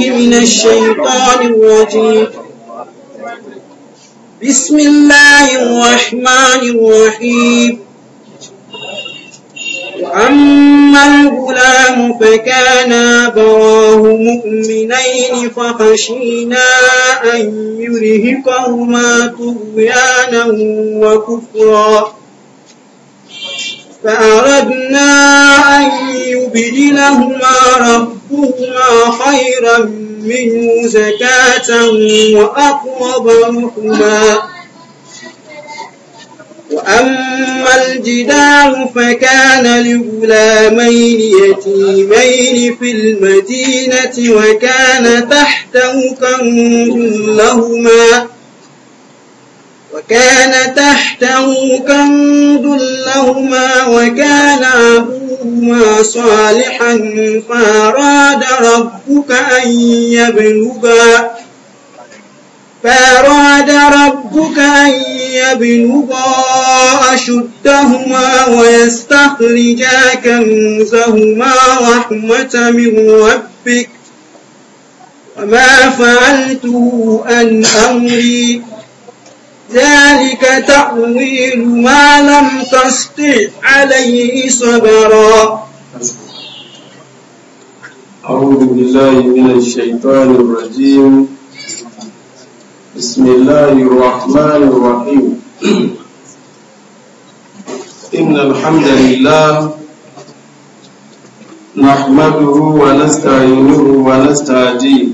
من الشيطان الرجيم بسم الله الرحمن الرحيم وأما الغلام فكان أبواه مؤمنين فخشينا أن يرهقهما طغيانا وكفرا فأردنا أن يبدلهما ربهما خيرا منه زكاة وأقرب رحما وأما الجدار فكان لغلامين يتيمين في المدينة وكان تحته كنز لهما وكان تحته كند لهما وكان أبوهما صالحا فأراد ربك أن يبلغا فأراد ربك أن يبلغا أشدهما ويستخرجا كنزهما رحمة من ربك وما فعلته عن أمري ذلك تأويل ما لم تسطع عليه صبرا أعوذ بالله من الشيطان الرجيم بسم الله الرحمن الرحيم إن الحمد لله نحمده ونستعينه ونستهديه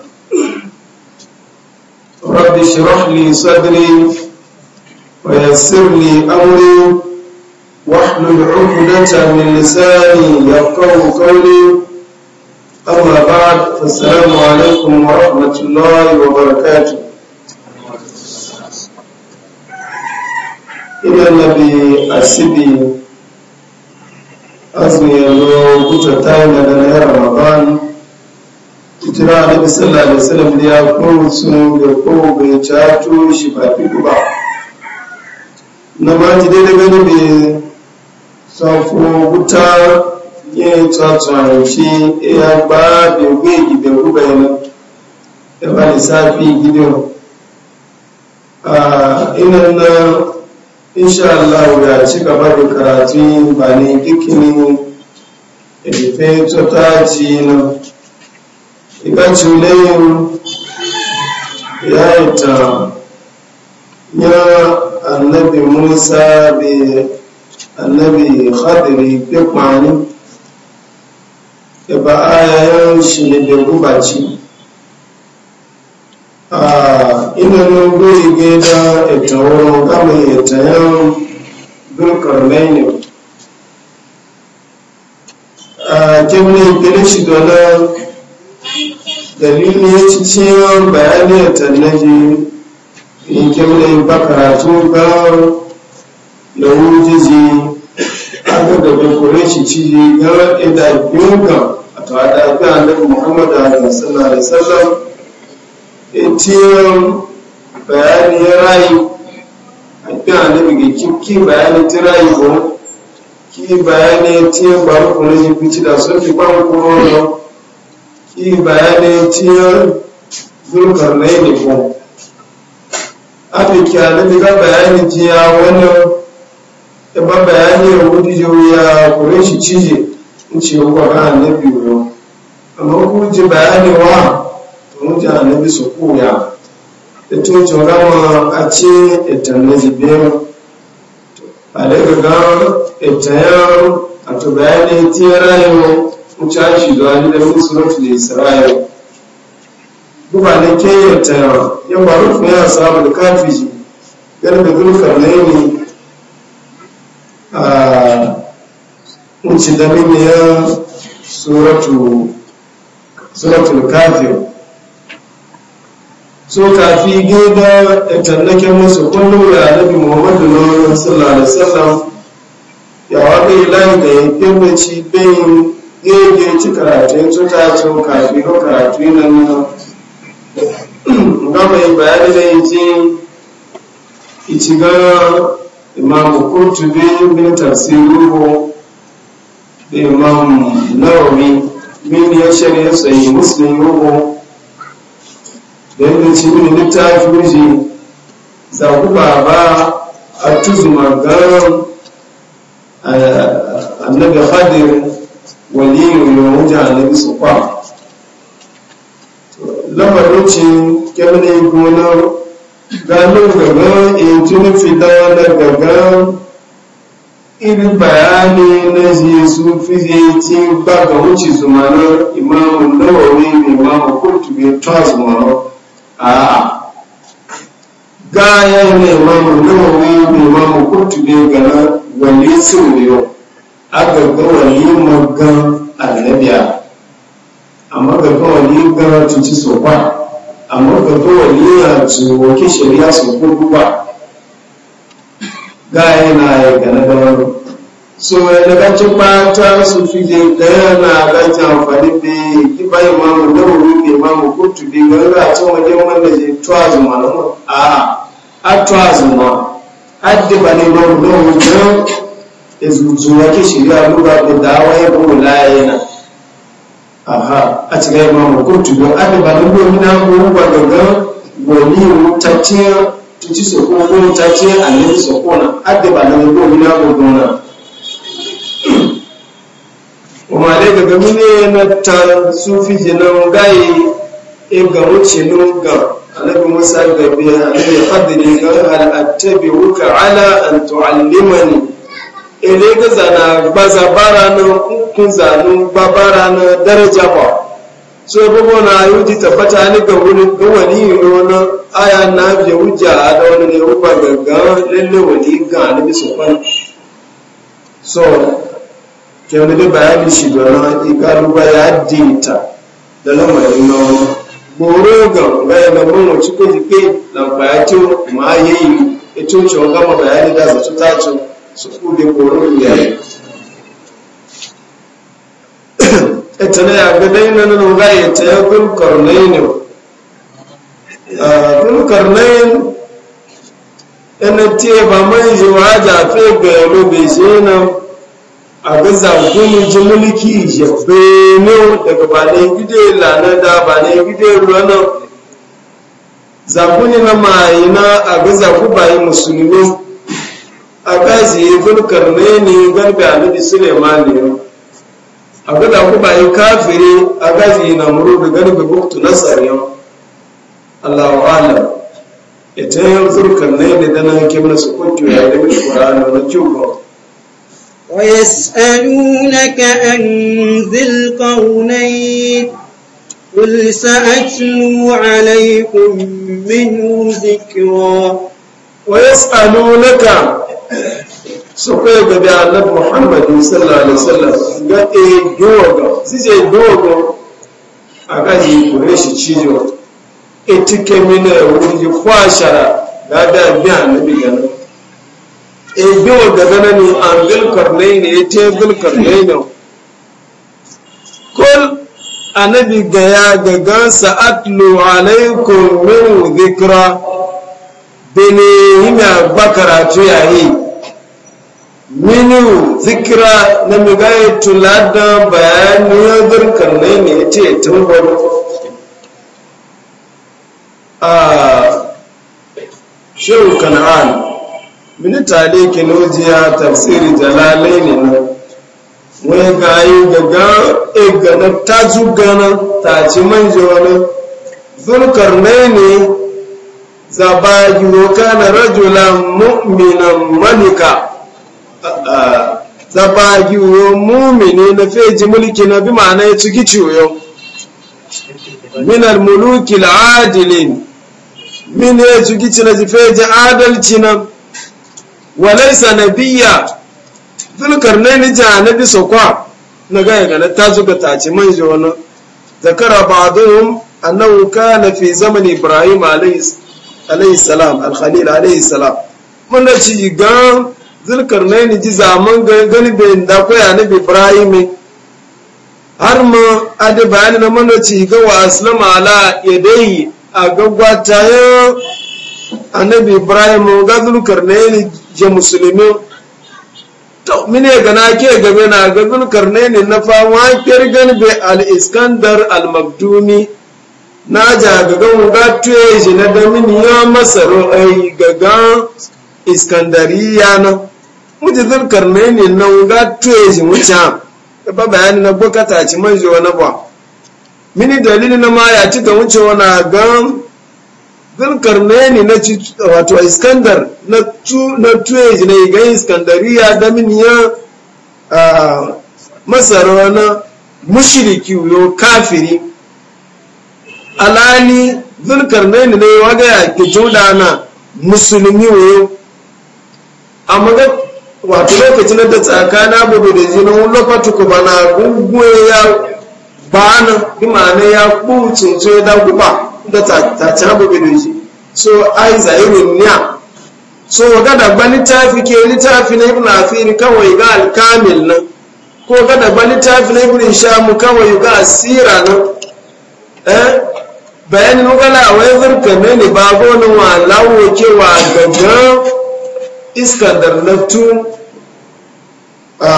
رب اشرح لي صدري ويسر لي أمري واحلل عقدة من لساني يفقه قولي أما بعد فالسلام عليكم ورحمة الله وبركاته إلى النبي السيدي أزمي الله بوتا تايم لنا رمضان Tutura na bisallah da salam da ya kowa sun da kowa bai cato shi ba fi ba na ba ji dai daga bai safo wuta yin tsatsan shi ya ba bai gwe gidan guba yana ya ba safi gidan a inan na insha Allah ya ci gaba da karatu ba ne dukkanin ilifai tsataci na iga culayin ya yi ta ya annabi musa bi annabi khadiri bi kwani da ba ayayen shi ne da gubaci a inanin guri gida ita wurin gama ita yan dukkan lainin a kemgbe ikele shi dole. dalili ya ci cewa bayaniyar tallafi in kyau da karatu ga da wujizi aka da bakwai shi ci ga inda biyu a tawada ga annabi muhammadu alaihi sallallahu alaihi wasallam itiyan bayani ya rayu a ga annabi ga ki bayani ta rayu ko ki bayani ya tiyan ba ku ne ji da sun fi ba ku ne yi bayanai ciyar zurkar na yi ko afirka na daga bayanin jiya wannan ba bayani ya wuce ya kure shi cije in ce kuwa ga annabi yau amma ku ji bayani wa to mu ji annabi su koya da to to rama a ce itan na jibe a daga ga itan a to bayani tiyara yau wuce shi da wani da musulunci da isra'ila duba da ke yanta yan ba rufin ya samu da kafiji yana da dulkar na ah, yi a wuce da mimiyar suratul kafir so kafi gida da tallake musu kullum ya annabi muhammadu na sallallahu alaihi wasallam ya waka ilahi da ya fi mace bayin daidai ci karatu ya cuta su kafi ko karatu na nuna gama yi bayani da yi ci ici ga imamu kurtubi bin tafsiruhu da imamu nawawi bin ya shari'a sai muslim ruhu da yadda ci bin littafi wuji za ku ba ba a tuzuma ga eh, annabi hadirin waliyu ya wuce annabi su kwa lamarin kyanin gona gano gaba intini fita daga gan iri bayani na jesu fizicin ba ga wuce zumanar imamu nawa ne imamu kurtu bai ta zumaro a gaya ne imamu nawawi ne imamu kurtu bai gana wani ne yau aka ga walima gan annabiya amma ga ga wali gan tuci so ba amma ga ga wali ya tuwo ke shari'a so ko ba ga yana ya ga na ba so da ka ci fata su fili da daya na amfani da ki bai mamu da wuri ne mamu ko bi ga ga ta wani wanda je tuwa zuma a a tuwa zuma addiba ne mamu da wuri izuwa ke shirya duba da dawa ya la yana. aha a cikin ma ko don a ba da gomi na gomi ba gaga gomi tace tuci so kuma gomi tace ne so kona adda ba da gomi na gomi na kuma dai gaga mine na ta sufi jinan gai e ga wuce ga annabi musa ga biya annabi fadli ga hal attabi'uka ala an tu'allimani ele ga zana gbaza bara na kun zanu ba bara na daraja ba so bugu na yuji tabbata ni ga wani ga wani no na aya na biya wuja da wani ne uba ganga lalle wani ga ni bisu kwan so ke wani da bayani shi da na igalu ruba ya dinta da lamarin na goro ga ga na mun wuce ko jike lamfa ya ma yayi ito ce ga ma bayani da zato ta ce suku da koron yayi etana eh, ya ga dai nan ah, ina ce ba mai jiwa da fe ga yalo bai shi nan a ga zakuni ji daga ba ne gide lana da ba ne gide ruwa zakuni na yi na a ga ba yi musulmi a kashi zulkar ne ne garbe annabi suleiman a kafiri a na muru da garbe buktu nasar yau allahu alam ita yin zulkar ne ne da na kimna su kwakyo ya da mishi kurana na kyuba ويسألونك عن ذي القرنين قل سأتلو عليكم منه ذكرا ويسألونك so ko eh, ga da annab muhammad sallallahu alaihi wasallam ga eh, e dogo sije dogo aka yi kure shi cijo etike mina wuri kwashara da da bi annabi ga nan e dogo ga nan ni an bil karnaini e te bil karnaini kul annabi ga ya ga gansa atlu alaikum min dhikra bene ina bakaratu yayi minu zikira na migaye tulada ya zirkar ne ne ya ce tun a shirin kan'an minita ne ke nojiya tafsiri jalalai ne na wani gayi gaga e gana ta zugana ta ci manje wani zurkar ne ne yi wakana rajula mu'minan manika. tsabagi wo mumini na feji mulki na bi ma'ana ya ciki ciwo minar muluki la'adilin min ya ciki ci na feji adalci na nabiyya dul karne ni janabi sokwa na gaya gana ta zuga ta ci man ji wani zakara ba'dhum annahu kana fi zaman ibrahim alayhi salam al-khalil alayhi salam mun da ci gan zulkarnaini ji zaman gani bai da koya na ibrahim har ma ade bayani na ci ga wa aslama ala yadai a gaggwata ya annabi ibrahim ga zulkarnaini je musulmi to mine na ke gabe na ga zulkarnaini na fa wa kirgan be al iskandar al makdumi na ja ga ga ga tuye je na da mini ya masaro ai ga iskandariya na wuce zirkar ne ne nan ga tuye shi wuce ba bayani na bukata ci man shi wani ba mini dalili na ma ya ci ga wuce wani gan zirkar ne ne na ci wato iskandar na tuye shi na igan iskandariya da mini ya masar wani mushiriki yo kafiri alani zirkar ne yi waga ya ke jodana musulmi yo amma wato lokacin da tsakana budu da jinin lokacin ku bana gungun ya bana imana ya kucin ce da guba da tsakana budu da shi so ai zahirin niya so ga da ba littafi ke littafi na ibn afiri kawai ga alkamil nan ko ga da ba littafi na ibn shamu kawai ga asira nan eh bayanin wala wai zurka ne ba gonin wa lawo ke wa gaggan iskandar na tun a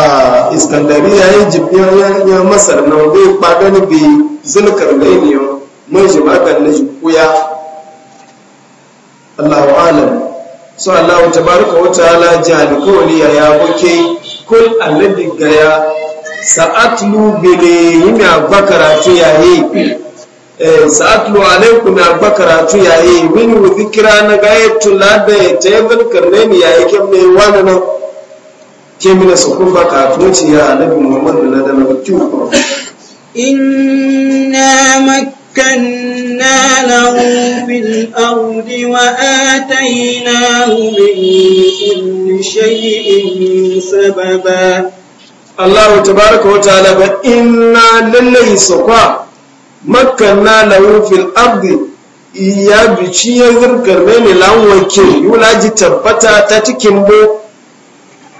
iskandari ya jibiyar ya masar na bai kwadani bai zulkar da yi yau mai jimakan na jikuya allahu alam so allahu tabaraka wa ta'ala wani ya ya buke kul annabi gaya sa'atlu ne yimi abakara ya yayi Eh, sa'atlu alaikum ya ba karatu yayi min wa zikra na gayatu lada ya tayyibul karnain yayi kem ne wani nan ke mina su kun ba karatu ce ya annabi muhammad da lada na bakki inna makkanna lahu fil ardi wa atainahu min kulli shay'in sababa Allah tabaraka wa ta'ala ba inna lillahi sakwa makanna na fil ardi ya bici ya zirkar mene lanwake yula ji tabbata ta cikin bo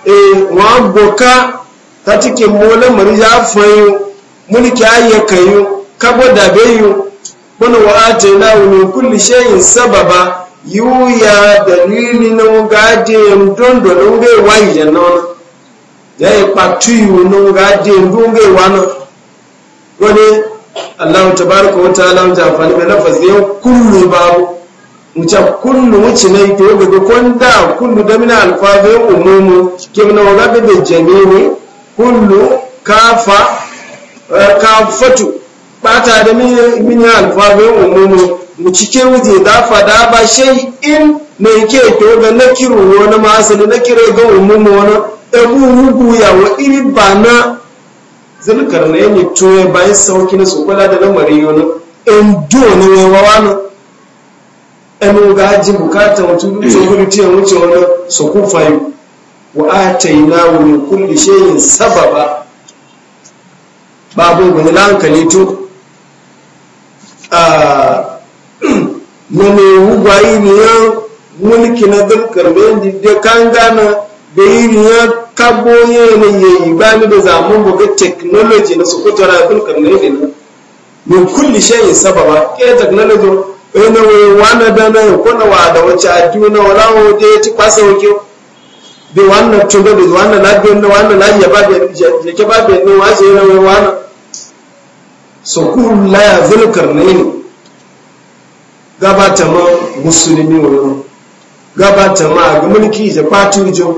e wa boka ta cikin bo na mari ya fayo mulki ayyakayo kabo da bayo kuna wa atayna min kulli shay'in sababa yuya dalili na ngade mdondo na nge wanje nona ya ipatu yu na ngade ndunge wana wani Allah tabaraka wa ta'ala mun amfani da lafazi yau kullu babu mu ja kullu wuce ne to yau ga konda kullu da mina alfabe umumu kim na waga da jami'i kullu kafa eh, kafatu bata da mini alfabe umumu mu cike wuje da fa da ba shay in ne yake to ga nakiru wani masali nakire ga umumu wani ebu mu ya wa iri bana zulkar na yanyi tuwe bayan sauki na sokola da lamarin yana in duwani ne mai wawa na ɗan gaji bukata dutse tsohuri eh. tiyan wuce wani sokun wa a ta yi na wani kulli shayin sababa babu wani lankali to a ah, na mai hugwayi ne ya mulki na zulkar bayan yanyi da kan gana da yi ne ya kagoye ne ya yi ba ni da zamun buga technology na su kuta na kulkar ne ne min kulli shayin sababa ke technology wani ne wani da na ko na wa da wace adiyu na wala wode ya ci kwasa wuke bi wannan tuga da wannan labiyar na wannan lafiya ba da yake ba da ne wace na wani wani so kun laya zulkar ne ne gabata ma musulmi wani gabata ma ga mulki da fatijo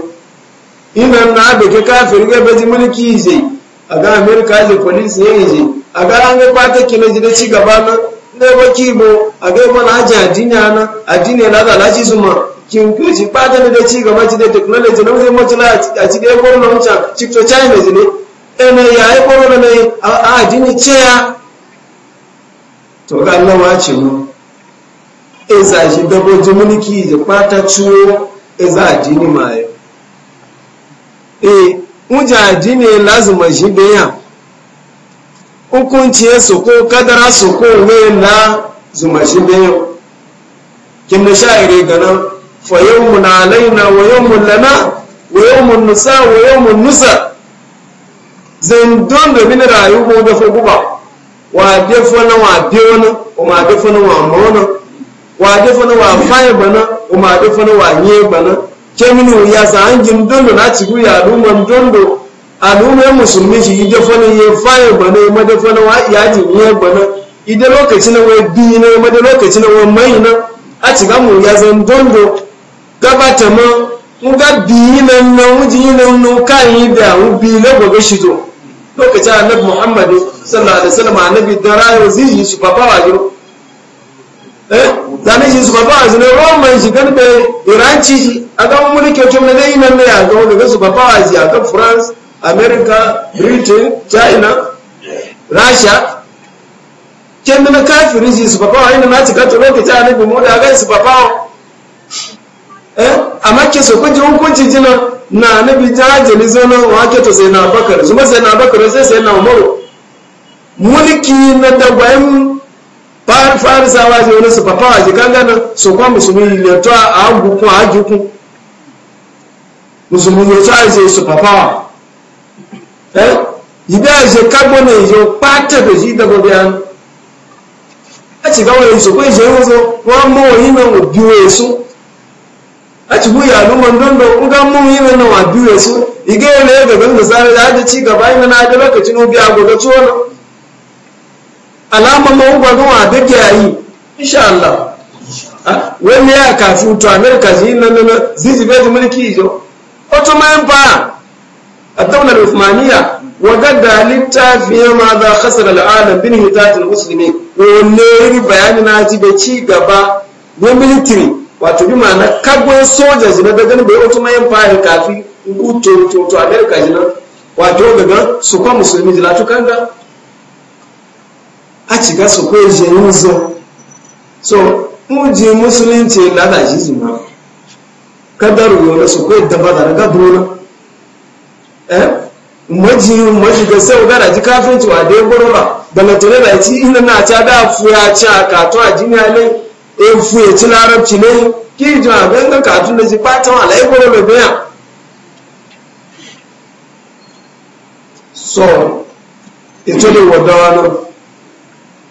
ina na da ke kafin ga baji mulki je a ga amerika ji police ya je a ga an ga kwata kina ji da ci gaba na ne waki bo a ga mana haji addini ana addini na da laji zuma kin ku ji ne da ci gaba ji da technology na zai mutu la a ci da ko na mutu ci to china ji ne ene ya ai ko na ne a addini ce ya to ga Allah ma ce mu e za shi dabo ji mulki kwata bata ciwo e za addini ma yau e mujaji ne lazima shi biya hukunci ya soko kadara soko mai na zuma shi biya kin da sha'ire gana fa yawmun alaina wa yawmun lana wa yawmun nusa wa yawmun nusa zindon da bin rayu ko da fa guba wa de na wa de kuma o na wa mona wa de na wa faye bana o ma de na wa nye bana kemino ya zangin dondo na cigu ya aluman dondo alumai musulmi shi ide fana ya fayar bane ya mada fana wa ya jiniya bane ide lokaci na wai biyu na ya mada lokaci na wai mai na a ciga mu ya zan dondo gabata ma mu ga biyu na na wuji yi na nu kan yi da mu biyu na gobe shi to lokacin annabi muhammadu sallallahu alaihi wasallam annabi dara ya zai yi su fafawa yau zane shi su ba a su ne roman shi gan bai iranci shi a ga mulki tun na dai nan ne a ga wanda su ba a a kan france america britain china russia ken na kafirin shi su ba a yi na cika ta lokaci a nabi mu da ga su ba a eh amma ke so kun hukunci jina na nabi jajali zana wa to sai na bakar zuma sai na bakar sai sai na umaru mulki na dagwayin farisawa ji wani su fafawa ji gangana su kwa musulmi ne to a kun a kun musulmi ne to a ce su fafawa eh ibi a ce kagbo ne yi pata da shi da gobe an a ci gawa yi su kwa ije yi zo mu mọ yi na wọn bi wọn a ci buya alumma dondo n ga bi ne ga da sare obi a gobe alaman mawuba gawa da gyayi insha Allah wani ya to amerika na na zizi bai mulki jo ottoman a daular uthmaniya wagadda littafiya ma za al'adar bin hitatul musulmi wani bayani na ji bai ci gaba ne military wato bi ma'ana soja na daga bai ottoman empire kafi to to amerika wato daga su kwa musulmi kanga a cika su kai jenin zo so muji musulunci lada shi zuma kadar yana su kai da bada ga dole eh maji maji ga sai ga raji kafinci wa dai goroba da matare da ci ina na ta da fuya cha ka to a jinya ne e fuye ci larabci ne ki ji a ganga ka tun da ji fatan alai goroba biya so ito da wadawa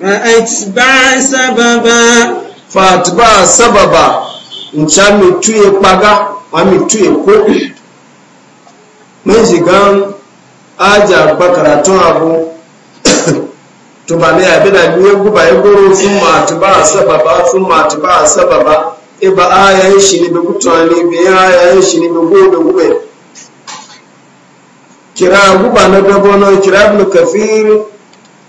fa'atba sababa fa'atba sababa nca mituye kpaga wa mituye ko mun shiga aja ba karatun abu tubane abi da biye guba ya goro sun ba sababa sun ba, sababa e ba shi ne bi kutane bi ayayen shi ne bi gobe gube kira guba na dabo na kira ibn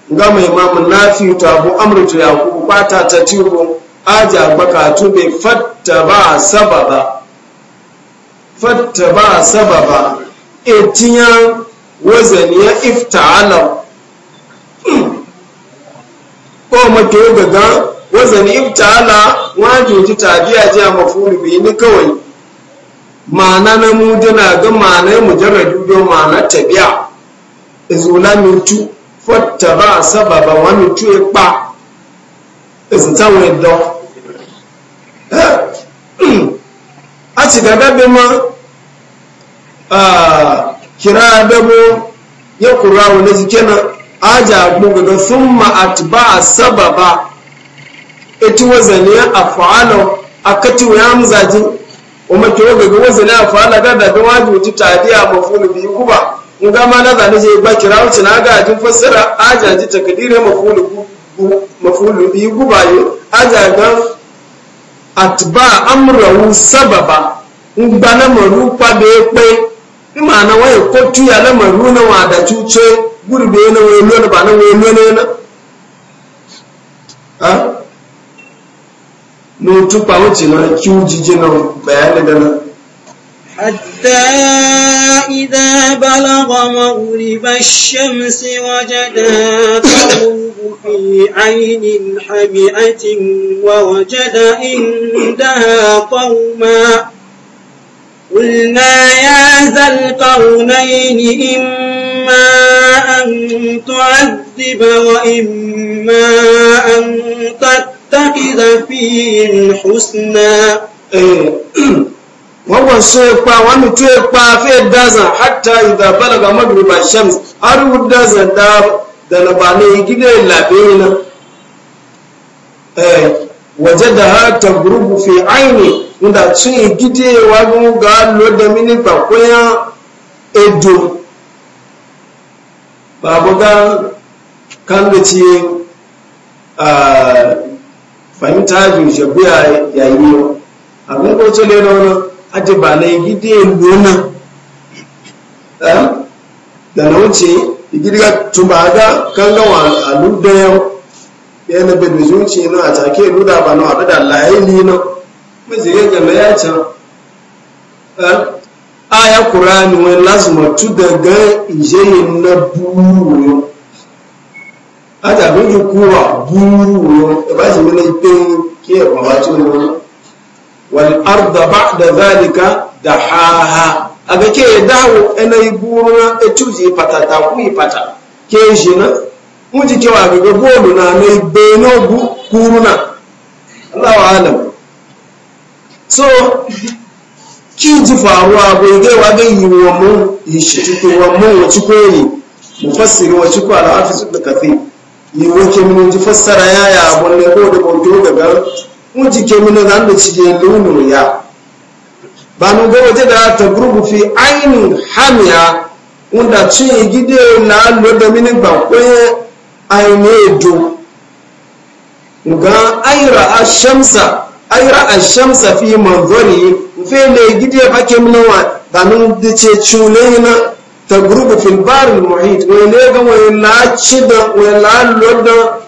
gama imamu nafi ta bu amurta ya ku kwata ta tiro aja bakatu be fatta ba sababa fatta ba sababa etiyan wazani ya ifta'ala ko mato gaga wazani ifta'ala ji tabiya ji a mafulu bi ni kawai ma'ana na mu dana ga ma'ana mujarradu don ma'ana tabiya izula mutu fattaba sababa wani tuye pa ezinta wọn dọ a ti gaga bi ma kira dabo ya kura wani jike na gbogbo sun ma atba sababa eti wazani ya afalo akati wa ya mzaji wa makiwa gaga wazani ya afalo gada bi wajibi ta tadiya mafulu biyu kuba nga ma na zane je ba kira wuce na ga ajin fassara ajaji takdire mafulu mafulu bi gubayo ajagan atba amrahu sababa ngba na maru pa be pe bi ma na waye kotu ya na maru na wa da cuce gurbe na waye lo ba na waye lo na ha no tupa wuce na kiuji je na bayanin da na حتى إذا بلغ مغرب الشمس وجدها تغرب في عين حمئة ووجد عندها قوما قلنا يا ذا القرنين إما أن تعذب وإما أن تتخذ فيهم حسنا wannan so pa to pa fe daza hatta idza balaga magriba shams har daza da da labane ba gide labena na eh wajada ha gurubu fi aini inda tun gide wa gun ga lo da mini pa koya edo babu kan da ci a fahimta bi shabiya yayi abin ko ce ne na wannan ati ba na igide lona da na wuce igidiga tuba ga kanga wa alu da yau ya na bedu zuci na a take luda ba na da layili na mazi ya gama ya can aya kurani wani lazima tu da ga daga yi na buru aja bi ju kuwa buru wo e ba si mi na ipe ki e baba tu ni wal arda ba'da zalika dahaha aga ke dawo ena iburuna etuji patata ku ipata ke jina muji ke wa ga bolu na na ibeno bu kuruna Allahu alam so ki ji faruwa bai ga wa ga yiwo mu yishi tuko wa mu wace ko yi mufassiri wace ko su da ibn Yi wa ke mun ji fassara yaya bonne ko da bonto daga wuce ke muna da mu ci da lunin ya ba nu ga waje da ta gurgu fi ainihin hamiya wanda cin gide na lo da mini ba ko ainihin do ga aira ashamsa aira ashamsa fi manzari fe ne gide ba muna wa da nu da ce cule na ta gurgu fi barin muhit ne ga wani la ci da wani la lo da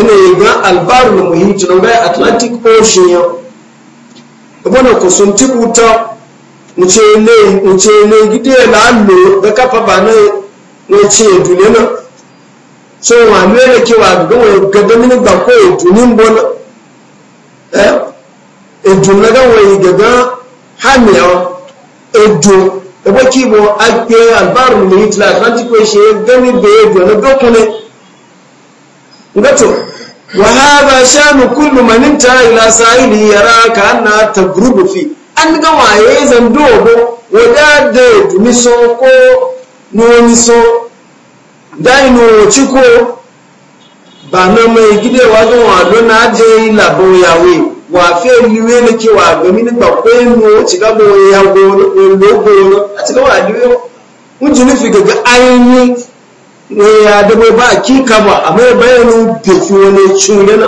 yi ga albaru na muhim tunan ga atlantic ocean ya bana ko sun tibuta nce ne nce ne gide na allo da kafa ba na ne ce dule na so wa mere ke wa ga wa ga mini ba ko dunin bona eh edun na ga wa ga ga hamiya edun ebo kibo agbe albaru na atlantic ocean ga ni be edun na dokune gato wahaba sha shanu kullu man ila sa'ili yara ka anna tabrubu fi an ga waye zan dogo wada da miso ko no miso dai no chiko ba na mai gide wa don wa don na je labo yawe wa fe liwe ne ke wa ga mini ba ko no ci ga bo ya go no go no a ci ga wa liwe mun ji nufi ga ainihi ne ya dabo ba kika ba a mai bayanin biki wani cungana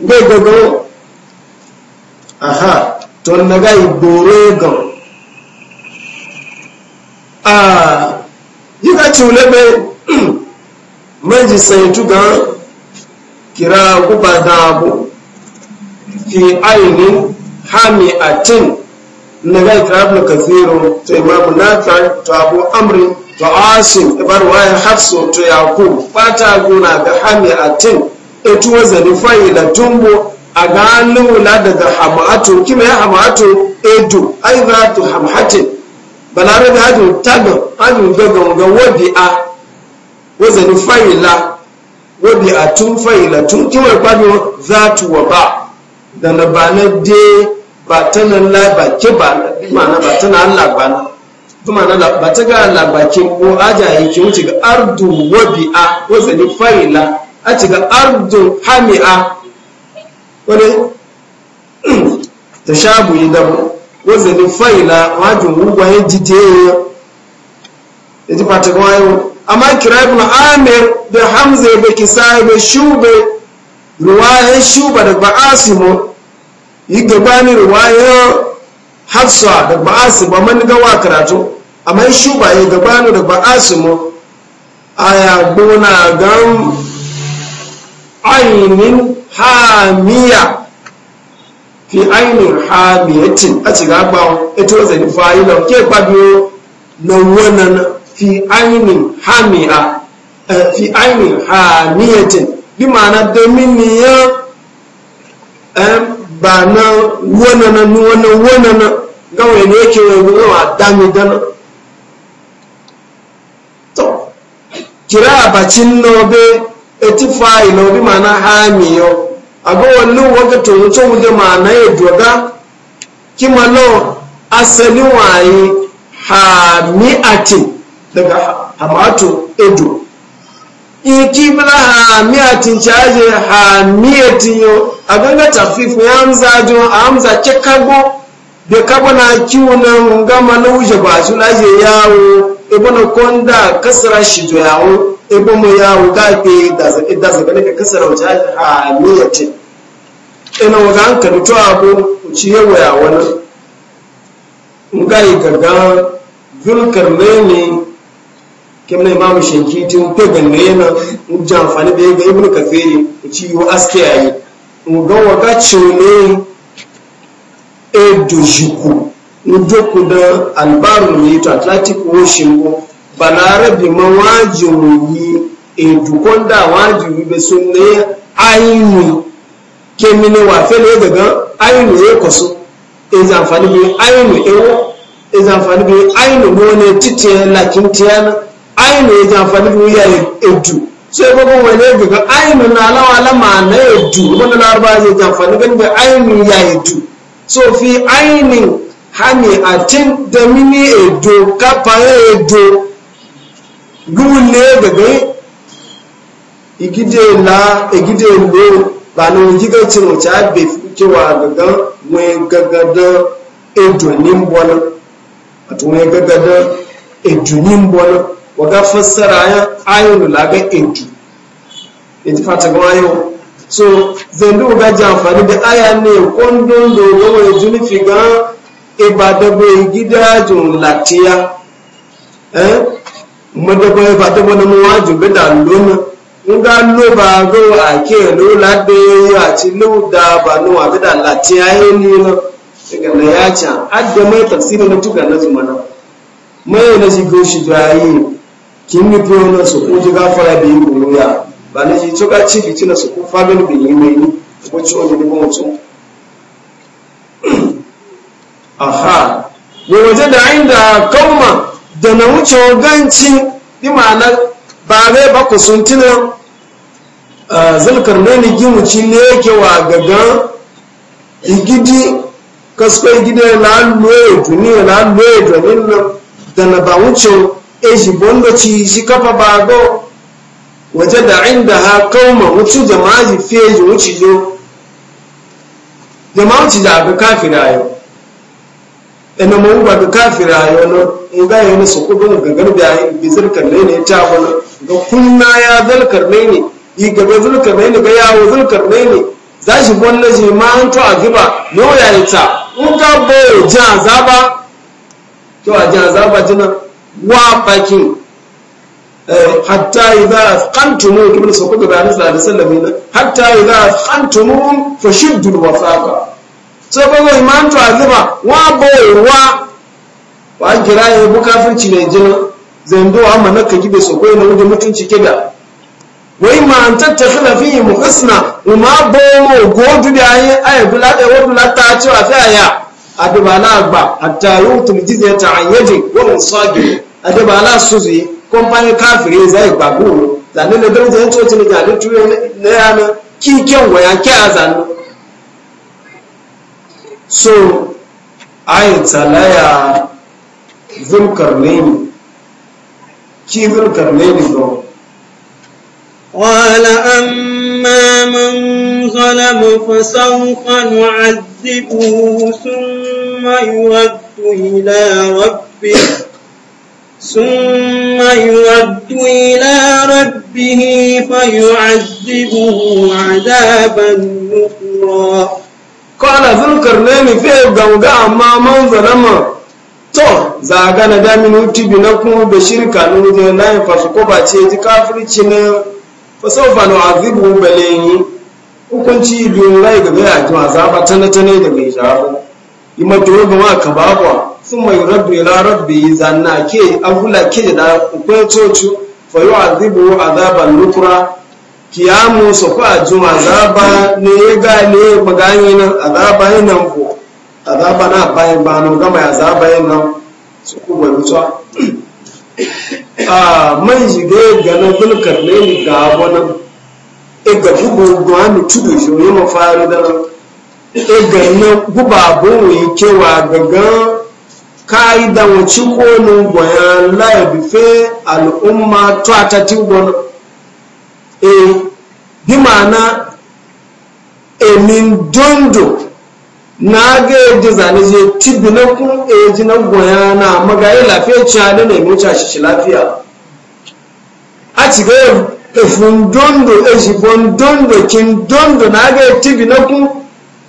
bai gagawa aha to na gai boro ga a yi ka cule bai manji sai tuga kira kuba da abu fi ainihin hami atin na gai kira abu na kasiro to imamu na to abu amri to asim ibar wayan hafsu to yaqub fata guna ga hamiatin etu wazani fa'ila tumbo a gano la daga hamatu kima ya hamatu edu za tu hamhatin balare da hajjin tagan hajjin gagan ga a wazani fa'ila a tun fa'ila tun kima kwado za tu wa ba da na ba na de ba ta nan la ba ke ba na ba ta nan la ba na zuma na ba ta ga labakin ko ajaye ki wuce ga ardu wabi'a ko zani faila a ci ga ardu hami'a wani ta shabu yi dabu ko zani faila wajen ruwa ya ji te ya ji fata amma kira ibn amir da hamza da kisa da shube ruwayen shuba da ba'asimu yi gabanin ruwayen hafsa da ba'asu ba man ga wa karatu amma shi ba ya gabanu da ba'asu mu aya gona gam ainin hamiya fi ainin hamiyatin a ci gaba ita zai da ke fadiyo na wannan fi ainin hamiya eh, fi ainin hamiyatin bi ma'ana domin niyan eh, ba na wannan wannan wannan gawayi ne yake wani gawa dami dana to kira bacin nobe etifa ilobi mana hamiyo agowon ni waga tomuto wude mana ya doga kima lo asali waye hamiati daga hamato edo iki bila hamiatin caje hamiatin yo aganga tafifu ya amza jo amza kekago da kabana kiwunan gama na wuce ba su laje yawo ibo e na konda kasara shi to yawo ibo e mu yawo gafe da zaɓi da zaɓi ne ka kasara wace a niyyacin ina e waga an kalutu abu ci yawo yawo wani nga yi garga zulkar ne ne kim na imamu shanki tun pegan ne na in ji amfani da ya ga ibn kafiri ci yiwu aske yayi in ga waga ciwo ne edojuku ndoku da albarin yi to atlantic ocean ko bi ma wajin yi edukon da wajin yi be sun ne ainu kemini wa fele daga ayinu ya kwaso ezi amfani bi ayinu ewo ezi amfani bi ayinu mo ne titiya lakin tiyana ainu ezi amfani bi ya edu so ya gbogbo wani ga ainu na alawa alama na edu wani larba zai amfani ganin da ainu ya edu so fi ainin hami atin da mini edo kafaye edo gule gaga igide la igide lo banu jiga ti mo cha be ti wa gaga we gaga da edo ni mbona atu we gaga da edo ni mbona waga fassara ayin ayin la ga edo ita fata ga ayo so zandu ga ji amfani da aya ne kondon dogo mai junufi ga ibadagwai gidajin latiya eh madagwai ba na wani jube da lona n ga lo ba go ake ke lo lade ya ci lo da ba no a bida latiya ya ni na daga na ya ci adda mai tafsiri na tuga na zumana mai na shi go shi jayi kin ni fiye na su ko ji gafara biyu ya ba na ji ga ci fitina su ko family bin yi mai ci wani ne kuma tso aha ne waje da inda kauma da na wuce ganci bi ma'ana ba zai ba ku sun tina zulkar ni gimuci ne yake wa gaga igidi kaskwai gida e e na lalwe duniya na da domin da na ba wuce eji bondo ci shi kafa ba go. waje da inda ha kauma wucu jama'a ji fiye ji wuci jo jama'a ci da ga kafira yau ina mun ba ga kafira yau no in ga yana su kudu ga garbi ayi bi zirkar ne ne ta wala ga kunna ya zirkar ne yi ga ba zirkar ne ne ga yawo zirkar ne ne za shi gwanda ji ma an to a giba no ya yi ta in ga bo ja zaba to a ja zaba jina wa bakin hatta idza afqantum kibin so kuga bayanin sallallahu alaihi wasallam ne hatta idza afqantum fashiddul wafaqa so kogo iman to wa boywa wa jira ya bu kafirci ne jina zando amma naka gibe so koyi na wuce mutunci kida wai ma an tattakhila fihi muhsina uma bomo godu da ayi ayi bula da wadu la ta ci wa fa ya adubala agba hatta yutul jizyata an yaji, wa musagi suzi kwamfanin kafiri zai yi babu zane na don zan coci na jani tuyo na yana kiken waya kya zanu so ayin tsalaya zulkar ne ki zulkar ne قال أما من ظلم فسوف نعذبه ثم يرد إلى ربه ثم يرد إلى ربه فيعذبه عذابا نكرا قال ذو القرنين في الجوجاء ما من ظلم to zaga na da minuti bi na kuma da shirka na na ya fasu ko ba ce ji kafirci na fasofa na azibu balayi hukunci biyun rai ga gaya tana tana da mai shafu yi mata ga ma ka ba sun mai rabbi ila rabbi zanna ke ahula ke da kwai cocu fa yi azibu azaban nukura kiyamu su ku a juma azaba ne ya gane magani nan azaba yi nan ko azaba na bayan ba nan gama azaba yi nan su ku ne ni ga e wani da nan e ga na guba abin wuyi kewa ka'idan wacce konu bayan laibife al'umma ta ta tibon e bi ma'ana emin dondo na ga yadda zane je tibinakun eji na goya e na yi e lafiya ciya da na imo shi lafiya a ci ga efun dondo eji fon dondo e kin dondo na ga yi tibinakun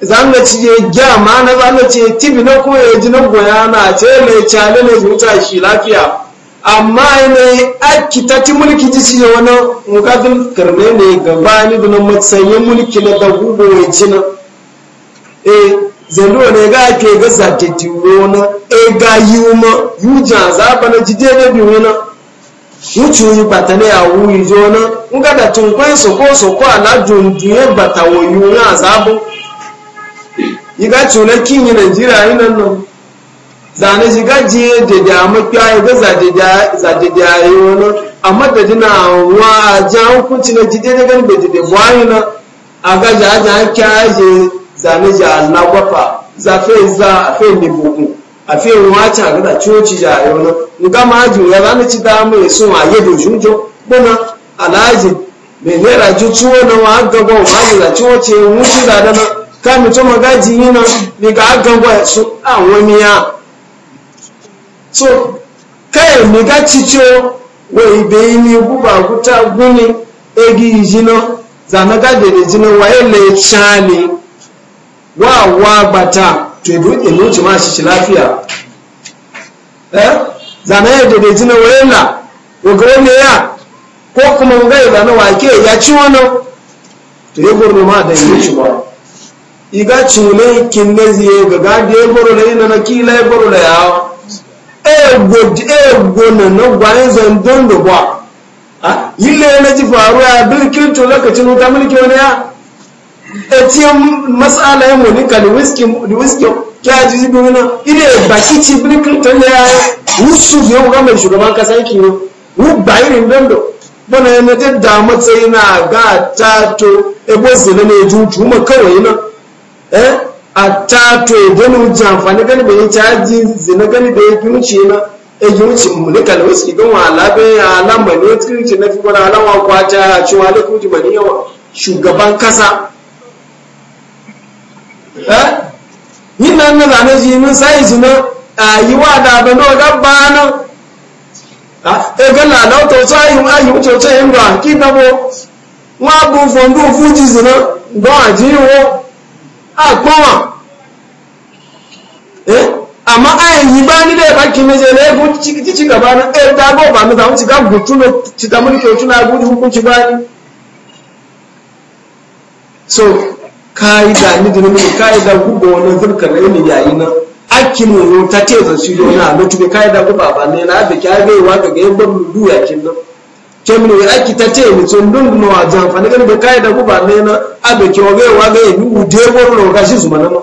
zanga ci je gya ma na zanga ce tibi na kuma ya ji na goya na ce mai cale ne zuta shi lafiya amma ne aki ta ti mulki ji ci wani mukafin karne ne gaba ni da matsayi mulki na da gugu ya ci na e zando ne ga ake ga zake tiwo na e ga yi ma yuja za ba na ji dai bi wani yuci yi bata ne a wuyi zo na nga da tunkwai soko soko ala dunduye bata wo yi wani zabu yiga cuna kinyi Najeriya yi nan nan zane shiga jiye da damu kyaye ga zadida yi wani a madadina wa jan hukunci na jide da gani dede da buwari na a ga jajen kyaye zane ji Allah gwafa zafe za a fe ne bugu a fe wace a gada coci ja yi wani nga ma ajiyo ya zane ci damu ya sun a yadda junjo bana alhaji mai nera ji ciwo na wa gaba wa hajji da ciwo ce wuce da dana Ka tó mọ̀ gáàjì yín náà ní ká gánbọ̀ ẹ̀sùn àwọn ya so káyẹ̀mí ká títí ó wọ ìbẹ̀ yín gbogbo àkútà gúnni egi ìjìnà zàmẹ́ká dèdè jìnà wáyé lè ṣáàlì wá wá gbàtà tòdú èlò tó máa ṣiṣẹ́ láfíà ẹ́ zàmẹ́ká dèdè jìnà ni ko kuma mu ga ìlànà wà kí ẹ̀yà tí wọ́n náà tòdú gbogbo máa dẹ̀ ìlú iga cule kinne ziye ga gadi e boro le ina na kila e boro le ya e go e go na no gwan e zan don do kwa ah yille na e ji faru ya bilkin to lokacin ta mulki wani ya e ti masala ya e moni kali whisky di whisky kya ji ji bin na ile ba shi ci bilkin to le ya wusu yo ga mai shugaban kasa yake yo wu ba yi dondo bana ya na ta da matsayi na ga ta to e bo zina ne ju ju ma kawai na eh atta to gani gani bai caji zina gani bai yi na eh, yi alabe ya wata na fi kwana alama kwata ci yawa shugaban kasa eh yin nan na zane ji sai zina a yi wa da ba na ah, eh, ga ba nan e ga na na to sai yin wuce wuce yin ba kin na bo wa bu fondu fuji zina a kowa eh amma ayan yi ba ni da ya baki mai zai ko ci gaba na ɗaya e, ta ba ba mu zamu ci gabu tuno ci ta mulki o tuna gudu hukunci ba ni so kai da ni dinu ni kai da gubo wannan zulka na ni yayi na akin wo ta teza shi na lutu kai da guba ba ne na da kai bai wa ga yabban duya kin nan kemno ya aki ta ce ni tun dun no ajan fa daga ba kai da ku ba ne na wa ga yi u de go no ka shi zuma na ma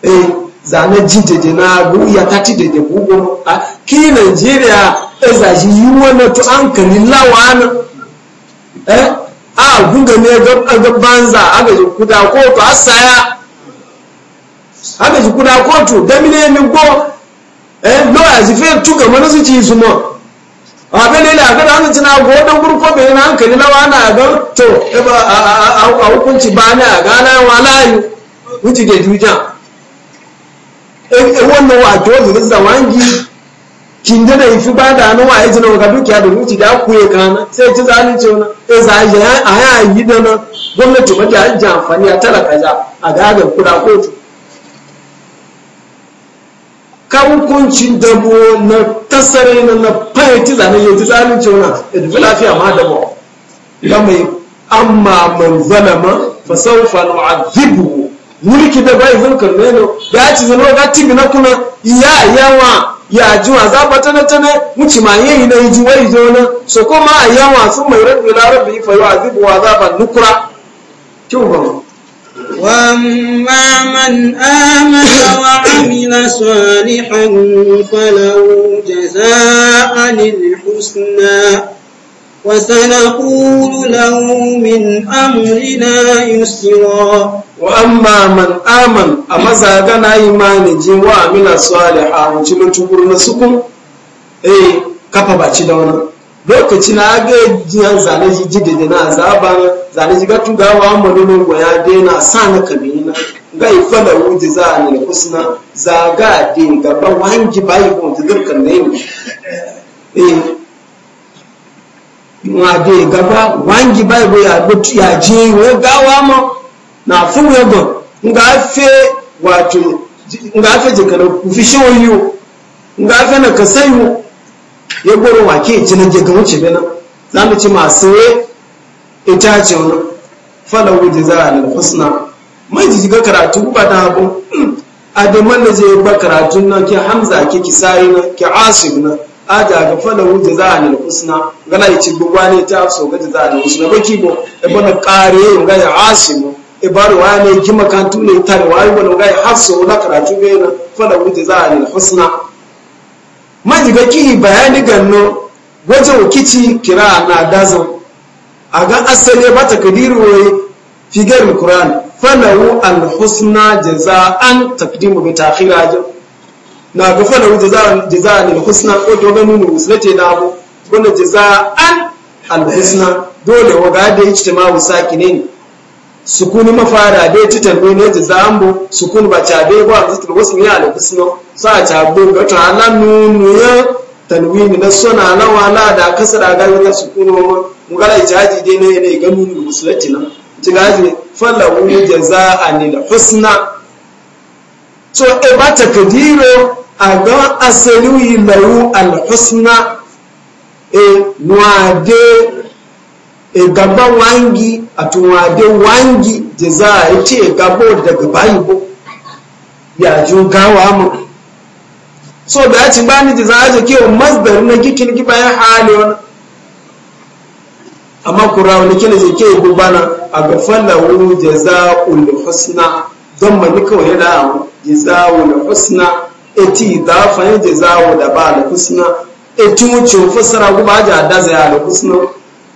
eh za ji dede na bu ya tati dede de bu a ki Nigeria e za shi yi wona to an kali lawana a gunga ne ga banza aga ji kuda ko to asaya aga ji kuda ko to da mine mi go eh lo azife tu ga mana su ci abin da ga da hanzin na go dan gurko be na hankali lawa na ga to ba a hukunci ba na ga na walayu wuce da juja eh wannan wa to zuwa wangi? kinde da ifi ba da hannu a izinin ga dukiya da wuce da kuye kana sai ci zalunci wani e za a yi a yi da na gwamnati ba ta amfani a talaka ja a gagan kuda kotu hukuncin damo na tasare na na fahimci zane ya ji ce wana ya lafiya ma dabo ya mai amma man zalama fa saufa na nu'adhibu mulki da bai zan karne no ya ci zano ga tibi na kuna ya yawa ya ji wa za ba tana tana muci ma yi na yi ji wai zo na so a yawa sun mai rabbi la rabbi fa yu'adhibu wa azaba nukra kin ba وأما من آمن وعمل صالحا فله جزاء الحسنى وسنقول له من أمرنا يسرا وأما من آمن أما زادنا إيمان جي وعمل صالحا وجمع تقول نسكم إيه كفى باتشي lokaci na ga jiyan zane shi da na zaba zane shi gatu ga wa amadu ne ya dai na sa na kabina ga da wuji za a ne kusna ga de gaba wangi bayi ko ta dukkan ne eh ma de gaba wangi bayi ko ya gutu ya je wo gawa mo na fu wo go nga fe wato nga fe jikana ku fi shoyu nga fe na kasayu ya goro wake jinin na gega wuce bena za mu ci masu ne itace wani falon wuce za a lalfusna mai ji ga karatu ba ta abu hmm. a da man da yi ba karatu na ke hamza ke kisayi na ke asib na a da ga falon wuce za a lalfusna gana ya ci gugwa ne ta so ga za a lalfusna ba kibo ya e bana kare yin ga ya asim ibaru e wa ne gima kantu ne tarwa yi e wani ga ya hafsa na karatu bai na falon wuce za a lalfusna majiga ki bayani ganno wajen kici kira na dazan a ga asali ba ta kadiri wai figar Qur'an falahu al-husna jaza'an taqdimu bi ta'khira na ga falahu jaza'an jaza'an al-husna ko to ga nunu usulate da abu wannan jaza'an al-husna dole wa ga da ijtima'u sakinin sukuni mafara be tambe ne jizambo sukuni ba cabe ba zitar wasu ya da kusno sa cabo ga ta nan nunu ya tanwini na sona na wala da kasara ga ta sukunu mu ga jaji dai ne ne ga nunu musulunci nan tigaji falahu jazaa'an lil husna to e ba kadiro a ga asali lahu al husna e nuade e gaba wangi A atuwade wangi da za a yi ce gabo daga bayi ko ya ju gawa mu so da ya ci ba ni je za a je wa masdar na kikin ki ya hali wani amma kura wani kina je ke gubana a ga a jazaa'ul husna don mani kawai yana amu jazaa'ul husna eti dafa ne jazaa'u da ba da husna eti wuce fasara kuma aja da a da husna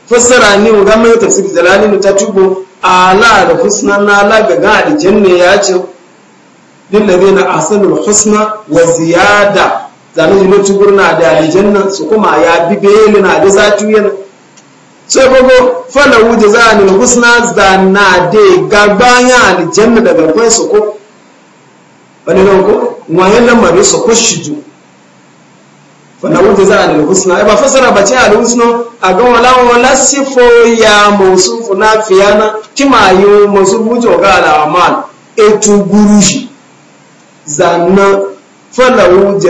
fassara ni ga mai tafsir jalani ta tubo ala da husna na la ga ga janna ya ce lil na ahsanul husna wa ziyada zanen yi tubur na da janna su kuma ya bi beli na da zatu yana sai gogo fala wuce zanen husna zana da gabanya aljanna daga kwai su ko wani nan ko wayan lamarin su ko shidu fana wuce za a dalhusna ba fasara ba ce alhusna a ga wala wala sifo ya musu funa fiyana kima yi musu jo ga alamal etu shi. zanna falawu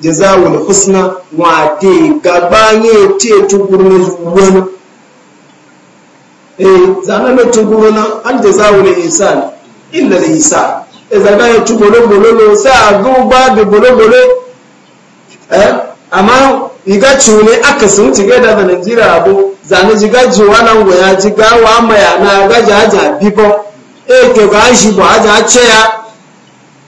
jazawul husna wa te etu te tugurna wani eh zanna na tugurna al jazawul ihsan illa al ihsan e eh, zaga ya tugolo bololo sa ga ba bololo Eh? amma iga cune aka sun ci ga da zanajira abu zane ji ga jiwa nan goya ji ga wa maya na ga ja ja bibo e ke ga shi bo aja che ya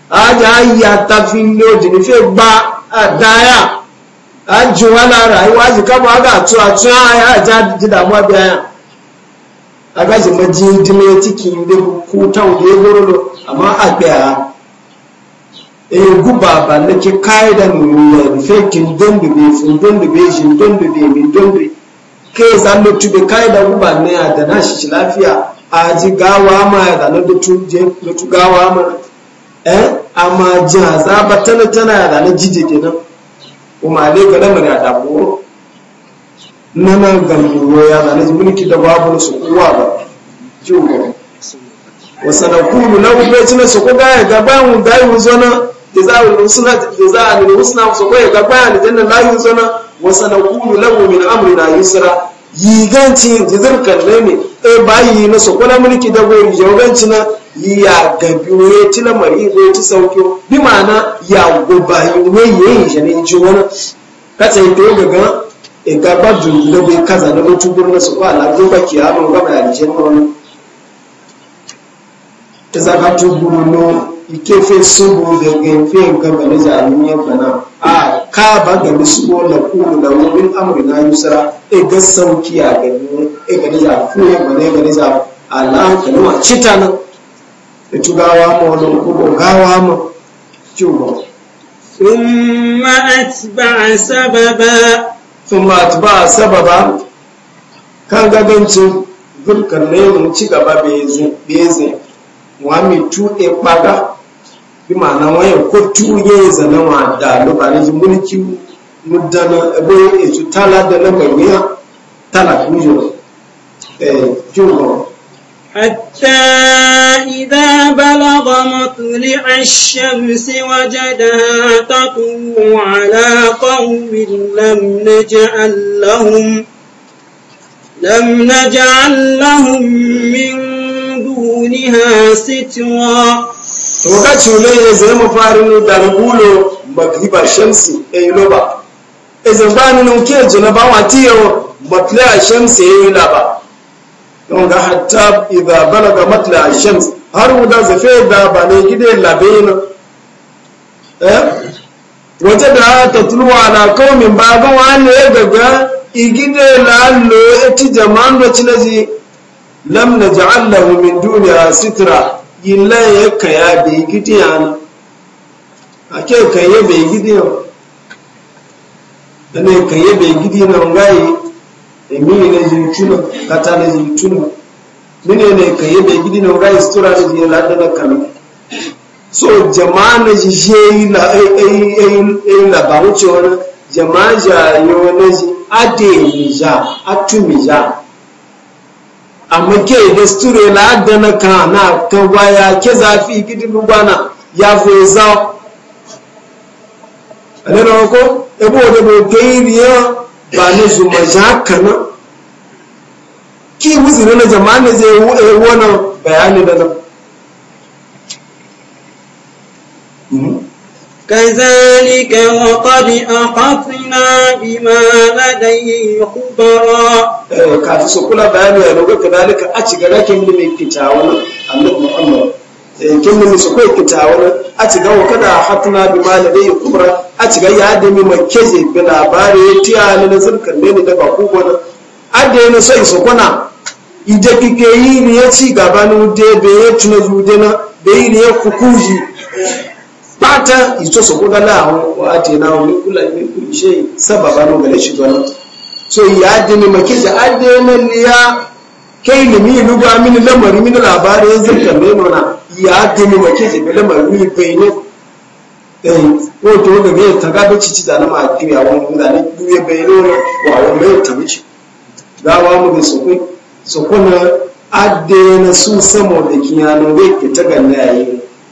aja ya ta fin lo ji ni fe gba adaya ajuwa la rayuwa ji ka ba ga tu atu ya ja ji da mu biya aga ji maji dile cikin da ku ta wuce gorolo amma a biya e guba ba na ke kaidan miliyan fekin don da bai tsin don da bai shi don da bai min don da kai zan da kaidan guba ne a da na shi lafiya a ji gawa ma ya zana da tuje gawa ma eh amma ji azaba tana tana ya zana jijige nan kuma dai ga lamarin a damuwa nana ganduro ya zana mulki da babu su kowa ba jiwo wasanakulu na kubetina sokoga ya gaba mu dai mu na. جزاء الحسنى جزاء الحسنى فسوي غبا الجنة لا يزنا وسنقول له من أمرنا yiganci jizar kalle ne e bayi na su kula mulki da goyi jawabanci na ya gabi ya ci mari ya ci sauki bi ma'ana ya gobayi yi shi ne ji wani kasa yi to gaga e gaba julu da kaza na mutu gurna su kwa alaƙo ba ki haɗin gaba da aljanna wani ezakatu no ikefe subu gegefe gabani za alimiya bana a ka ba gani subo la kulu da wani amri na yusra e ga sauki a gani e gani za kuya bana ga gani za ka kana wa cita na e tugawa ma wani kuma gawa ma ciwo sababa. Kuma سببا ثم أتبع سببا كان dukkan ne mun ci gaba bai zo wọ́n mi tú ipa dá bí màá na wọ́n yẹn da tú yé ìzànà wọn àdá ló bá níjú mú ní kí mú dáná ẹgbẹ́ ètò حتى إذا بلغ مطلع الشمس وجدها تطلع على قوم لم نجعل لهم لم نجعل لهم من دونها سترا wakati uleye zema farinu darubulo magriba shamsi eiloba eh, ezambani na ukeje na bawatiyo matla shamsi eiloba eh, yonga hatta idha balaga matla shamsi har wuda zafe da ba ne gide labena eh wata da ta tulwa ala kaumin ba wani ya igide lalo eti jama'an da cinaji lam naj'al lahu min duniya sitra yilla yakka ya be gidi yana ake kaye be gidi yo dane kaye be gidi na ngai emi na jintuna kata ne jintuna mine ne kaye bai gidi na ngayi sitra ne je lada na kanu so jama'a ne je la ai ai ai la ba wuce wani jama'a ja yo ne ji ade mi ja atumi amma ke da sture la'adana ka na ta waya ke zafi gidin rubana ya fi za a nuna ko ebe wadda bai gairiya ba ne su majaka na ki musu nuna jama'a ne zai yi e wani bayani da nan hmm? كذلك وقد أحصنا بما لديه خبرا وقالت سكولة بانو يا نوغة كذلك eh, أتقى لك من الكتاول أمير محمد kin ne su kai a ci gawo kada hatuna bi malabe kubra a ci gayya da mi makeje bi labare tiya ne na zurkan ne da ba kubo da a da ne sai su kuna in je kike yi ne ya ci gaba ne da be ya tuna zuje na be ne ya kukuji pata ito so kuna na awon wa ati na awon kula ni ku ise sababa no gele shi gona so ya de ni make ja ade na liya kai ni mi lugu amini na mari mi labari ya zai kame no na ya de ni make ja bele mari mi pei ne eh o to ga me ta ga bi cici da na ma ki ya won da ni du ye bei no wa won me ta bi ci da wa mu ne so ku so kuna ade na su samo da kiyano ke ta ganna yayin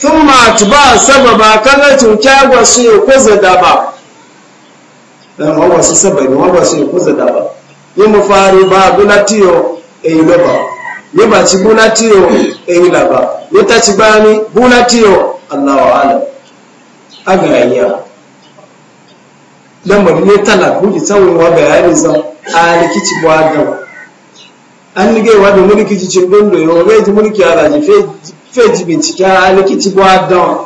sun matu ba sababa kaga cuta ba su yi kuza da ba dan wawa su sababi wawa su yi yi mu ba bulatiyo yi loba yi ba bulatiyo yi laba yi ta ci bulatiyo allahu alam aga iya dan bari ne talak kuji tsawon wa bayani zan a rikici ba da an nige wa da mulki ci cin dondo yau ga ji mulki a feji binciken alikici gwa don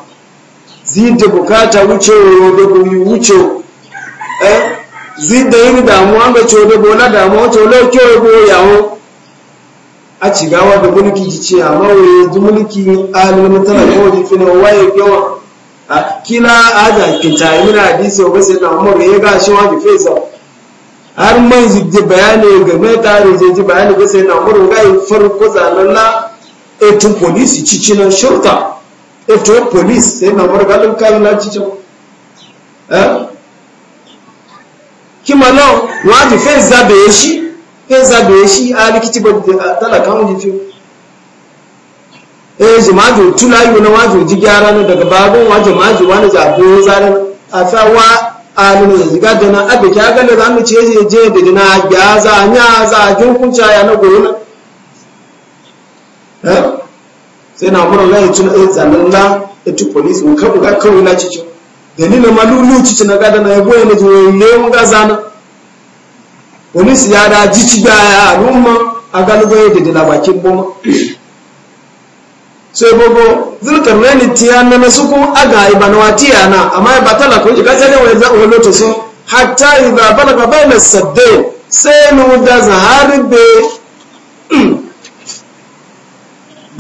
zida bukata wuce da gumi wuce eh zida yin damuwa ga cewa bola damuwa to lauke go yawo a cigawa da mulki gice amma waye ji mulki alimin tana kawai fina waye yawa a kila aja kinta yana hadisi ba na umar ya ga shi wa fesa har man ji bayani game da tare bayani na umar ga farko zalalla etu polisi cici na shurta etu polis sai na margalin kayan kima nan wani fe zabe shi fe zabe shi a rikici ba talakan jifi eh jimajo tulayu na waje ji gyara na daga babon waje maji wani zabe zarar a tsawa a nuna ziga da na abu kya gane za mu ce je da dina ya za a nya za a jinkunca ya na gona Eh? sai na mura eh, la yace ɗaya tsanan na yace police mun kaɓu ga kawai na cici dalilin ma lulu cici na gada na ya yabo na zo ne mun ga zana wani su yada jici ga ya rumma a galigo ya didila bakin boma sai bobo zirkar reni tiya na nasu kuma aga ibanawa tiya na amma ya batala kun ji kasar yawan za a lotu so hatta idza balaga bayna sadde sai mu da zaharibe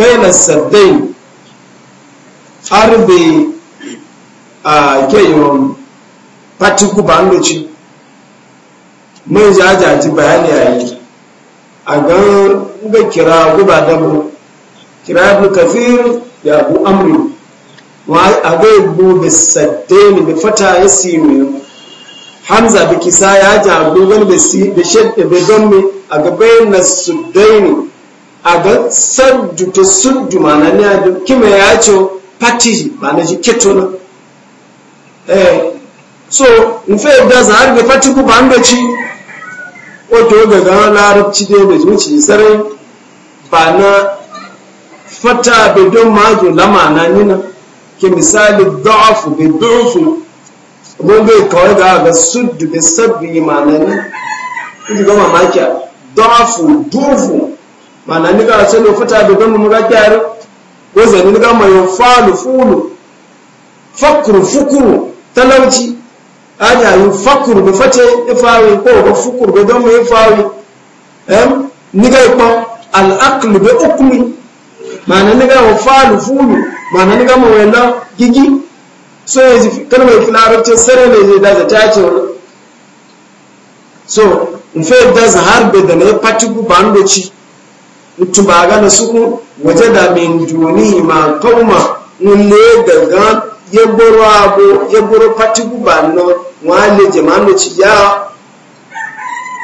baina saddai arbe a keyon patiku ba ndoci mai kira guba dabo ya bu amri wa a ga bu bi saddai bi fata ya siyo hamza bi kisa ya jago wani bi shadda bi don a ga bayan suddaini aga saddu to suddu mana ne a duki mai ya ce patiji mana ji na eh so in fe da za har ga ku ba an ci wato ga ga larabci dai da zuci sarai ba na fata da don mazo lama na nina ke misali da'afu da du'fu mun bai e kawai ga ga suddu be sabbi mana ne kuma ga mamaki da'afu du'fu mana ni ga selo futa da gamu ga kyar ko zani ni ga mai falu fulu fakru fukuru talauci aja yi fakru da fate ifawi ko ga fukuru da gamu ifawi em ni ga ko al aqlu bi ukmi mana ni ga falu fulu mana ni ga mai wala gigi so yanzu kalmar filarabcin sare ne zai daza ta ce wani so in fe daza zahar bai da na ya fati ci tubaga da suku waje da min duni ma kauma nule gangan ya buru abu ya buru fati guba no wale jama'an ci ya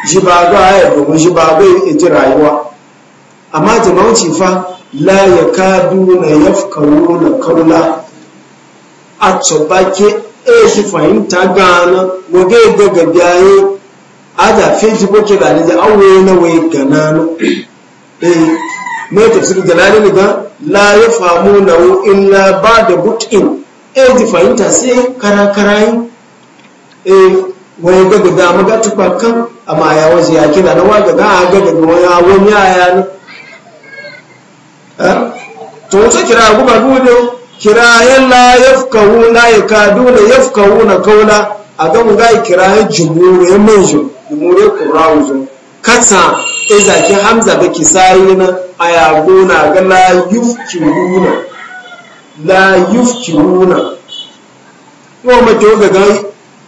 jibago aya domin jibago ya ji rayuwa amma jama'an ci fa la ya kadu na ya fukawo na kaula a tsobake e shi fahimta gana goge daga biyaye a da fi jiboke da ni aure awo na wai ganano eh mai tafsir jalali ne ga la ya famu na illa ba da butin e ji fahimta sai karakarayi eh wani gaga da maga tufakan amma ya waje ya kira na waga ga a gaga ga wani awon yaya ne eh, to wata kira guba gudu kirayen la ya fukawu na ya kadu na ya fukawu na kauna a ga mu ga kirayen jumure mai jumure kurawuzun katsa iza ki hamza da ki sayina a na ga la yufkiruna la yufkiruna yau mace ga ga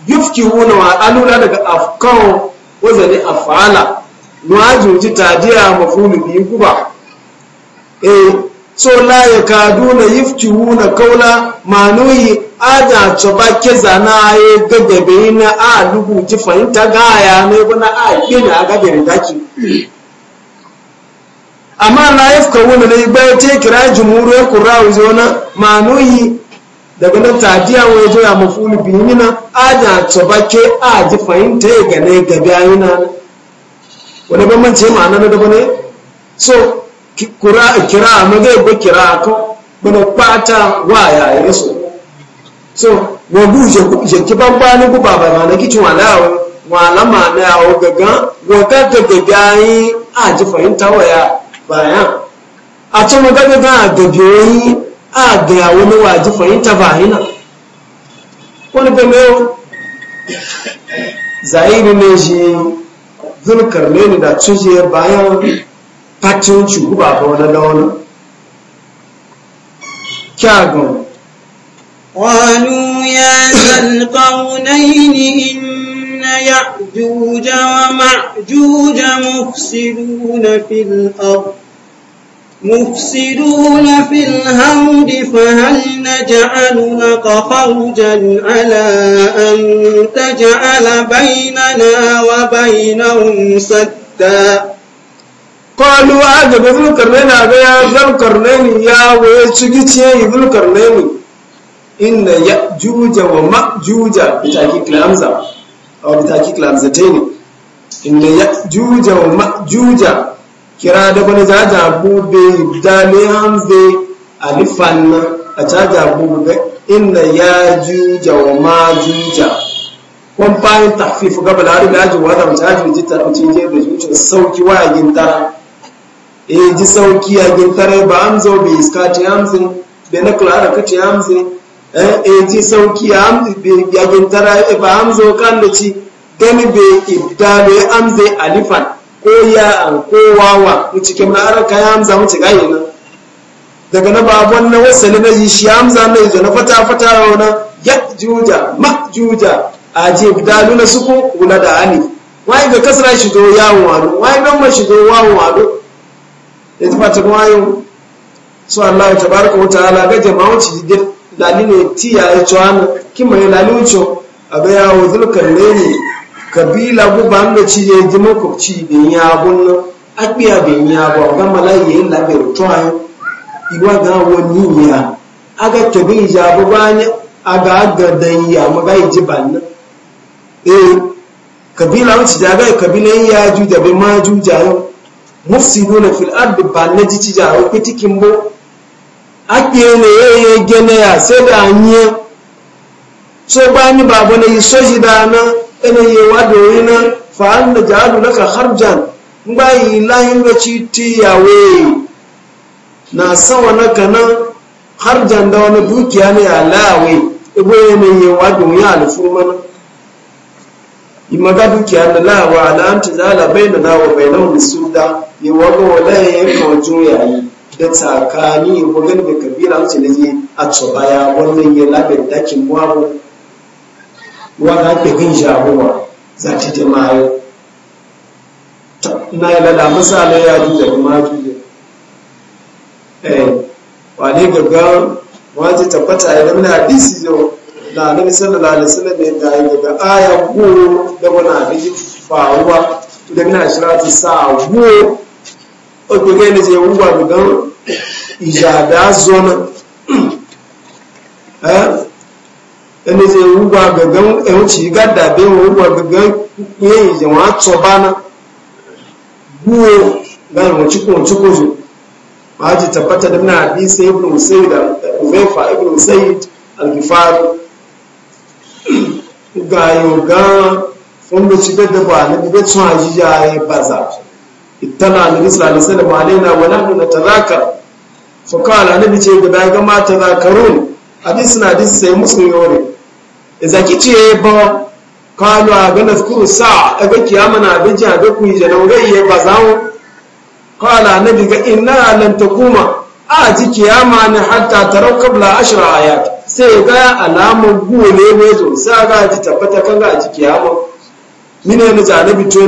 yufkiruna wa alula daga afkan wazani afala nuwajuji tadiya mafulu bi guba eh so la yakaduna yufkiruna kaula manuyi aja coba keza na ye gagabe na a lugu ji fahimta gaya ne wani a gina a gagarin daki amma na ya fuka wani na igbaya te kira muru ya kura wuzo na manoyi daga na tadiya wani zo ya mafuli biyu na aja coba ke a ji fahimta ya gane ega a yi na wani bambanci ma'ana na daba ne so kira a magai kira a kan bana kwata wa yayi so so mo bu je ki ba ba ni ku baba ma na kitchen wala o wala fahimta waya bayan a ce mo ga a ga wani wa fahimta zahiri ne shi zulkar ne da tuje bayan fatin shugu ba ba wani da wani قالوا يا ذا القرنين إن يأجوج ومأجوج مفسدون في الأرض مفسدون في الهود فهل نجعل لك خرجا على أن تجعل بيننا وبينهم سدا قالوا هذا ذو القرنين هذا ذو القرنين يا ويتشكي ذو القرنين inna ya juja wa ma juja bitakik lamza aw bitakik lamzatayn inna ya juja wa ma juja kira da bani jaja bube dale hamze alifan a jaja bube inna ya juja wa ma juja kun bayan tahfifu ga da harin ajin wata mace hajji ji tarbici je da zuciya sauki wa ta tara eh ji sauki yagin tara ba an zo bai iska ta yamsin bai na kula da kace yamsin Eh, eti sauki yagin tara eh, ba hamzo kan da ci gani be ibda be amze alifan ko ya an ko wawa mu cike ya hamza mu cika yana daga na babon na wasali na yi shi hamza na yi na fata fata wana ya juja ma juja a ji ibda luna suku wula da ani wai ga kasra shi do yawon wado wai don ma shi do wawon wado ya ji fata kuma yau su Allah tabaraka wa ta'ala ga jama'u ci dai lalino ti ya na kima ya lalucho a ga wa zulkar ne ne kabila guba da ci ya ji makwabci bin ya gunna akpiya bin ya ba ga malayi yin labar tsohanu iwa ga wani ya aga ba ne a ga aga dan ya maga ba banna eh kabila wuce da ga kabila ya ju da bi ma ju jayo mufsiduna fil'ad da banna ji ci jayo kitikin bo ake ne ya yi gene ya sai da anyi so ba ni ba bane yi soji da na ene yi wa dori na fa an da jalu laka harjan ba yi lahin da ci ti yawe na sawa na kana harjan da wani dukiya ne a lawe ibo e ne yi wa dori alfurma yi maga dukiya da lawa ala an tijala bai da lawa bai na wani suda yi wago wala ya yi mawajo yayi da tsakani ya wagan da kabila wacce da zai a tsobaya wannan ya labar dakin wawo wanda ake gan jamuwa za ta jama'a mayo na yi lada misali ya duka da maju eh wane gaggawa wajen tabbata ya zama hadisi yau na nabi sallallahu alaihi wasallam ya ga ya ga aya go da wani abin faruwa da mina shirati sa go o to ga ne je wuwa mu dan ìyàdá zọ́nà ẹni tí ewúgbà gẹ̀gẹ́ ẹ̀hún tí gàdà bí wọn ewúgbà gẹ̀gẹ́ pé èèyàn wọn atọ́ bá ná gbúwo láì wọn chukwu wọn chukwu zò máa tabbata da muna hadisi ibn usaid uzaifa ibn usaid al-gifari ga yau ga ci da ba na bibe tun ajiya ya baza ittala annabi sallallahu alaihi wasallam alaina wa nahnu natadhakar fa qala annabi ce ga daga ma tadhakarun hadis na hadis sai musu yore izaki ce ba kalu aga nazkuru sa'a aga kiyama na abinci aga ku yi janaurai ya ba Kala qala annabi ga inna lan takuma a ji kiyama ne hatta tarau kabla ashra ayat sai ga alamun gole ne zo sai ga ji tabbata kan ga ji kiyama mine ne za annabi to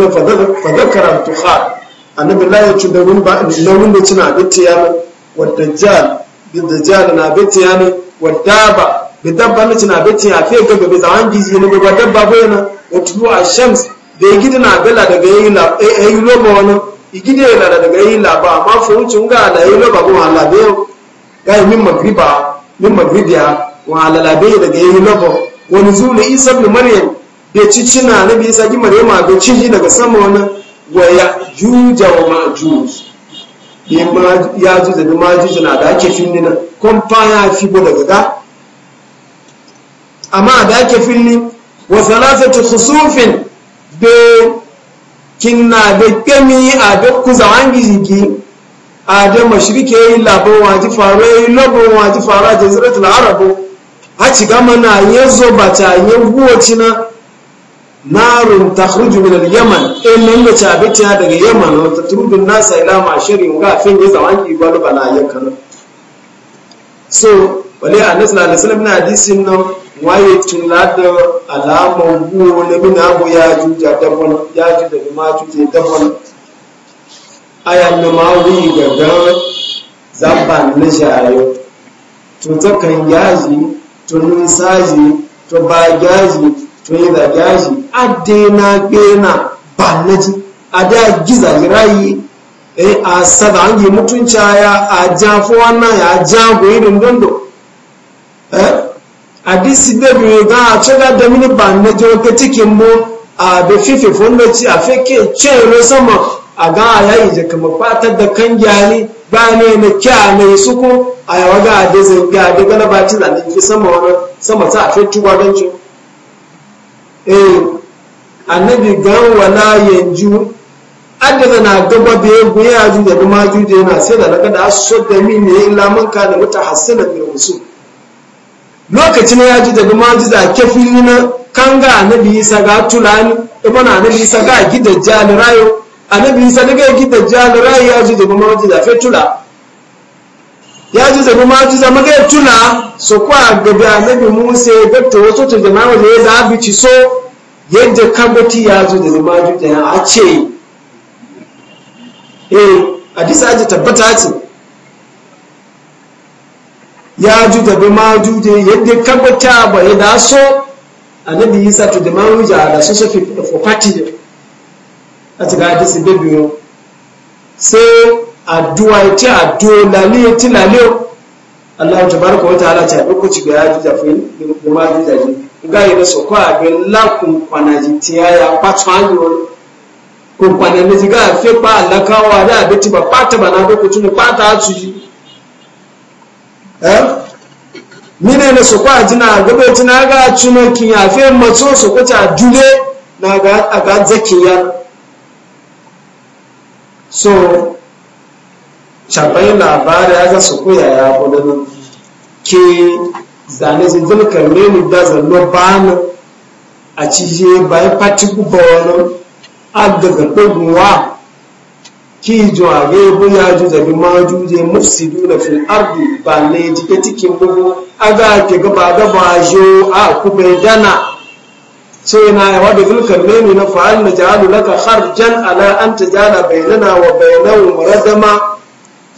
annabi la ya da wun ba da wun da abinci ya ne wa dajjal bi dajjal na ya ne wa daba bi dabba na cin abinci ya fi ga gabe zaman gizi ne ba dabba ba yana wa tudu a shams da ya gidi na bela daga yayi la yayi loba wani igide yana daga yayi la ba amma fa wucin ga da yayi loba ko halabe ga min magriba min magribiya wa halabe daga yayi loba wani zuwa isa bin maryam da cicina nabi sa gi maryama da ciji daga sama wani wa juja wa majus ya juja da majus na da ake fili na kon ya fi bu daga ga amma da ake fili, wa thalathatu khusufin be kinna da kemi a be kuzawangi jiki a da mashirke yi labar waji faru yi labar waji faru a jaziratul arabu a ci gama na yanzu ba ta yi guwaci na narun takhruju min al-yaman in eh, nan da cabita daga yaman wa tatrudu an-nasa ila ma'sharin ga fin ya zaman ki bala yakan so wale anas na sallam na hadisin nan waye tunla da alama buwo na min abu ya juja dabon ya ju da ma juje dabon ayan na ma ga gaga zaban na shayo to takan yaji to nun saji to ba gaji to yi da gashi ade na bena ba na ji a da giza rayi eh a sada an yi mutunci ya a jafo wannan ya jago irin dondo eh a disi da bi ga a cika da mini ba na ji wata cikin mu a da fifi fundaci a fake cewa sama a ga a yayi da kama fata da kan gyali ba ne na kya yi suko a yawa ga a da zai ga da galaba ci da fi sama wani sama ta a tuwa don ciwo Eh, annabi gan wala yanju adana na gaba da yanku ya ju da kuma juje da yana sai da daga da aso da mi ne illa man ka da wata hasala da musu lokacin ya ji da kuma ji da kafin na ga annabi isa ga tulani ibn annabi isa ga gidajen rayu rayo annabi isa daga gidan jali rayo ya ji da kuma ji da fetula ya ji zabi ma ji zama ga tuna so kwa gabi annabi Musa e, da to wato to jama'a waje ya zabi ci so yadda kabati ya zo da zama ju da a ce eh hadisi aji tabbata ce ya ji da ma da yadda kabata ba ya da so annabi Isa to jama'a ma ju da so so for party a cikin ga hadisi bebiyo sai addu'a eti addu'o lale ita lale Allah tabaraka wa ta'ala ta bi kuci ga yaji da ma ji da ga yi da sokwa lakun kwanaji ya hanyo ji ga fe pa alakawa da ba pata pata eh ya dule na ga zakiya cabai labari ya su koya ya budunan ke zane su zulkar mini da zallo bani a cije bayan fati guba wani agaga dogunwa ki jo age bu ya ju zabi ma ju je mufsiduna fil ardu ba ne jike cikin bugu aga ke gaba gaba jo a kube dana sai na yawa da zulkar mini na fa'al na jahalu laka harjan ala an bai bainana wa bainahu muradama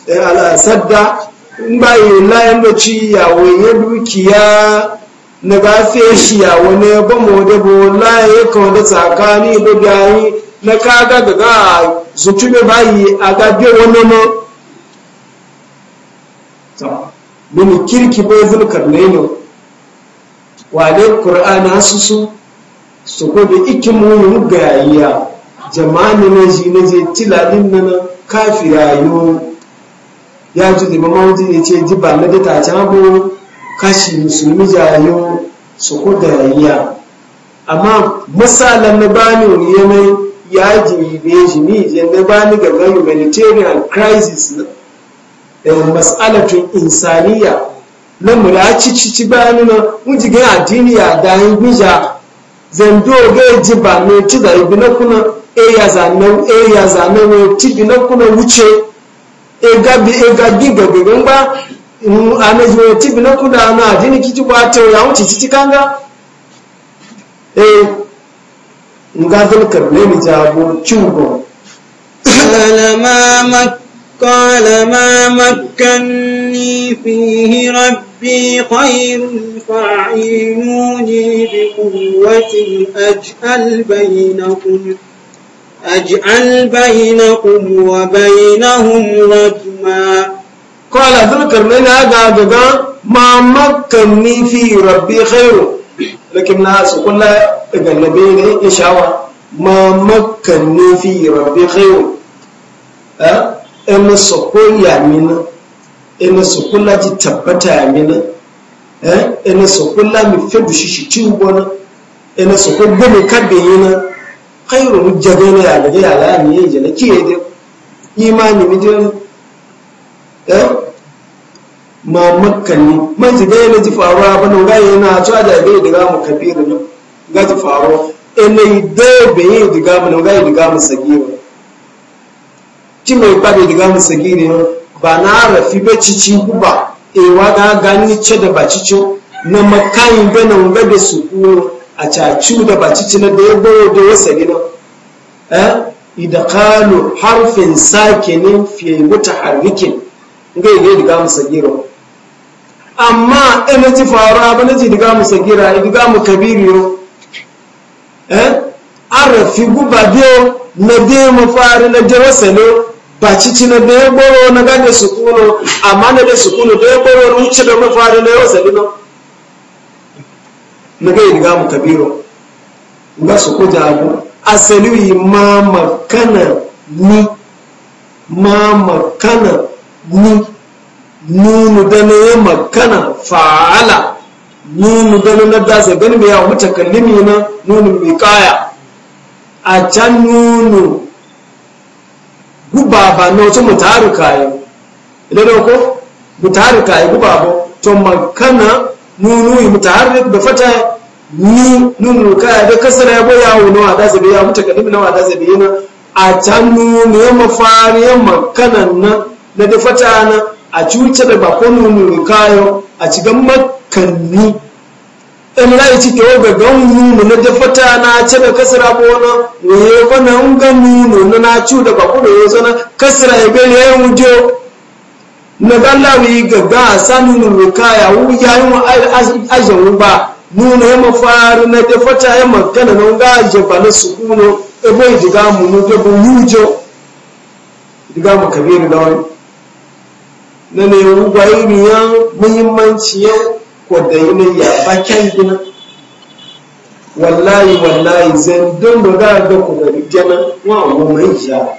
Eh, al'asadda in ba yi layan baci yawo ya dukiya na ba fe shi yawo ya ba mu da bo laye ka wanda tsakani da na kaga ga ga zuci bayi a ga be wani mo to mun kirki bai zulkar ne ne Wane dai qur'ana susu su ko da ikimu mu gayiya jama'a ne ji na je tiladin nan kafirayo ya ji da mamawajin ya ce ji balle da ta cabo kashi musulmi jayo su ku da yayya amma misalan na bani wani yanayi ya ji ne shi ni je na bani ga humanitarian crisis eh, mas'alatun insaniya na mulaci cici bani na mujigin addini ya dayin bija zando ga ji ba ci da ibi na kuna e ya zanen e eh, zanen ci bi na kuna wuce egabi egagi gbẹgbẹgbẹ ńgbá mm, amẹjọ tíbi náà kúndà náà àdínní kí tí wàá tẹ ọyà àwọn títí kánga ee nga dọlkar lẹni jaabo rabbi أجعل بينكم وبينهم رجما قال ذو القرنين هذا ما مكني في ربي خير لكن ناس كل النبي يشاور ما مكني في ربي خير أه؟ إن سكول يامين إن سكول التي تبت يامين أه؟ إن سكول لا مفيد شيء تيوبنا إن سكول بني كبيرنا khairu hujja bene ya daga ya ni yaje jana kiye de imani mi de eh ma makkani man ji dai na ji faruwa ba no ga yana to da bai daga mu kabiru no ga ji faruwa yi da bai daga mu no ga daga mu sagiwa ki mai ba bai daga mu sagire ba na rafi ba cici kuba ewa ga gani ce da ba cici na makayin bene ga da su kuwa a caciu da bacici cina da ya bayo da wasa gina eh? idakalu harfin sakinin fiye mutaharrikin ga yi diga musa sagira amma ina ci fara ba na ci diga mu sagira diga mu kabiriyo eh arafi guba biyo na de mu fara na je ne ba cici cina da ya boro na gane sukuno amma na da sukuno da ya boro wuce da mu fara na wasalo na riga mu kabiru ga su ku abu asali ma makana ni ma makana ni nunu da ne ya makana fa'ala nunu da na da sai gani mai yawon mutakallimi na nunu mai kaya a can nunu guba ba na wasu mutaru kayan idan ko mutaru yi guba ba to makana nunu mutaharrik da fata ni nunu ka da kasara ya boya wa nawa da zabi ya mutakaddimi nawa da zabi yana a tanu ne mafari ya makanan na da da fata na a cuce da bako nunu kayo a cigan makanni in rai ci to ga gan nunu na da fata na ce da kasara bona ne ya bana un gan nunu na na cu da bako da ya zana kasara ya bai ya wujo na gallawi gaba sanin rukaya wuya yin ajin ruba nuna ya mafari na da fata ya magana na ga aje bala su kuno ebe diga mu no da bu yujo diga mu kabiru da wani na ne ruba iri ya muhimmanci ya kodda yin ya bakin gina wallahi wallahi zan don da ga ga ku ga kenan wa mu mai ya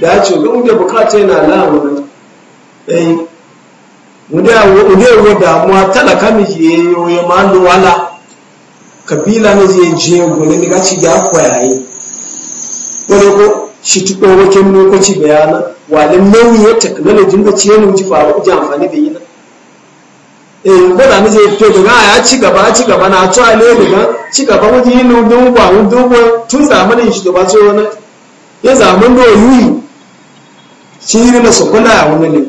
da ce ga da bukata yana lamunan ɗayi eh, wanda yawo damuwa talaka mai ke yi ma da wala kabila na zai je gole ne gaci ci da kwayaye wani ko shi tuko wakin lokaci bayanan walin nauyin teknolojin da ce mun ji faru ji amfani da yi na eh wanda ne zai to daga ah, ya ci gaba ci gaba na to ale daga ci gaba wajen yin dubu ba dubu tun zamanin shi da ba ce wani ya zaman da yuyi shi na sokuna ya wani ne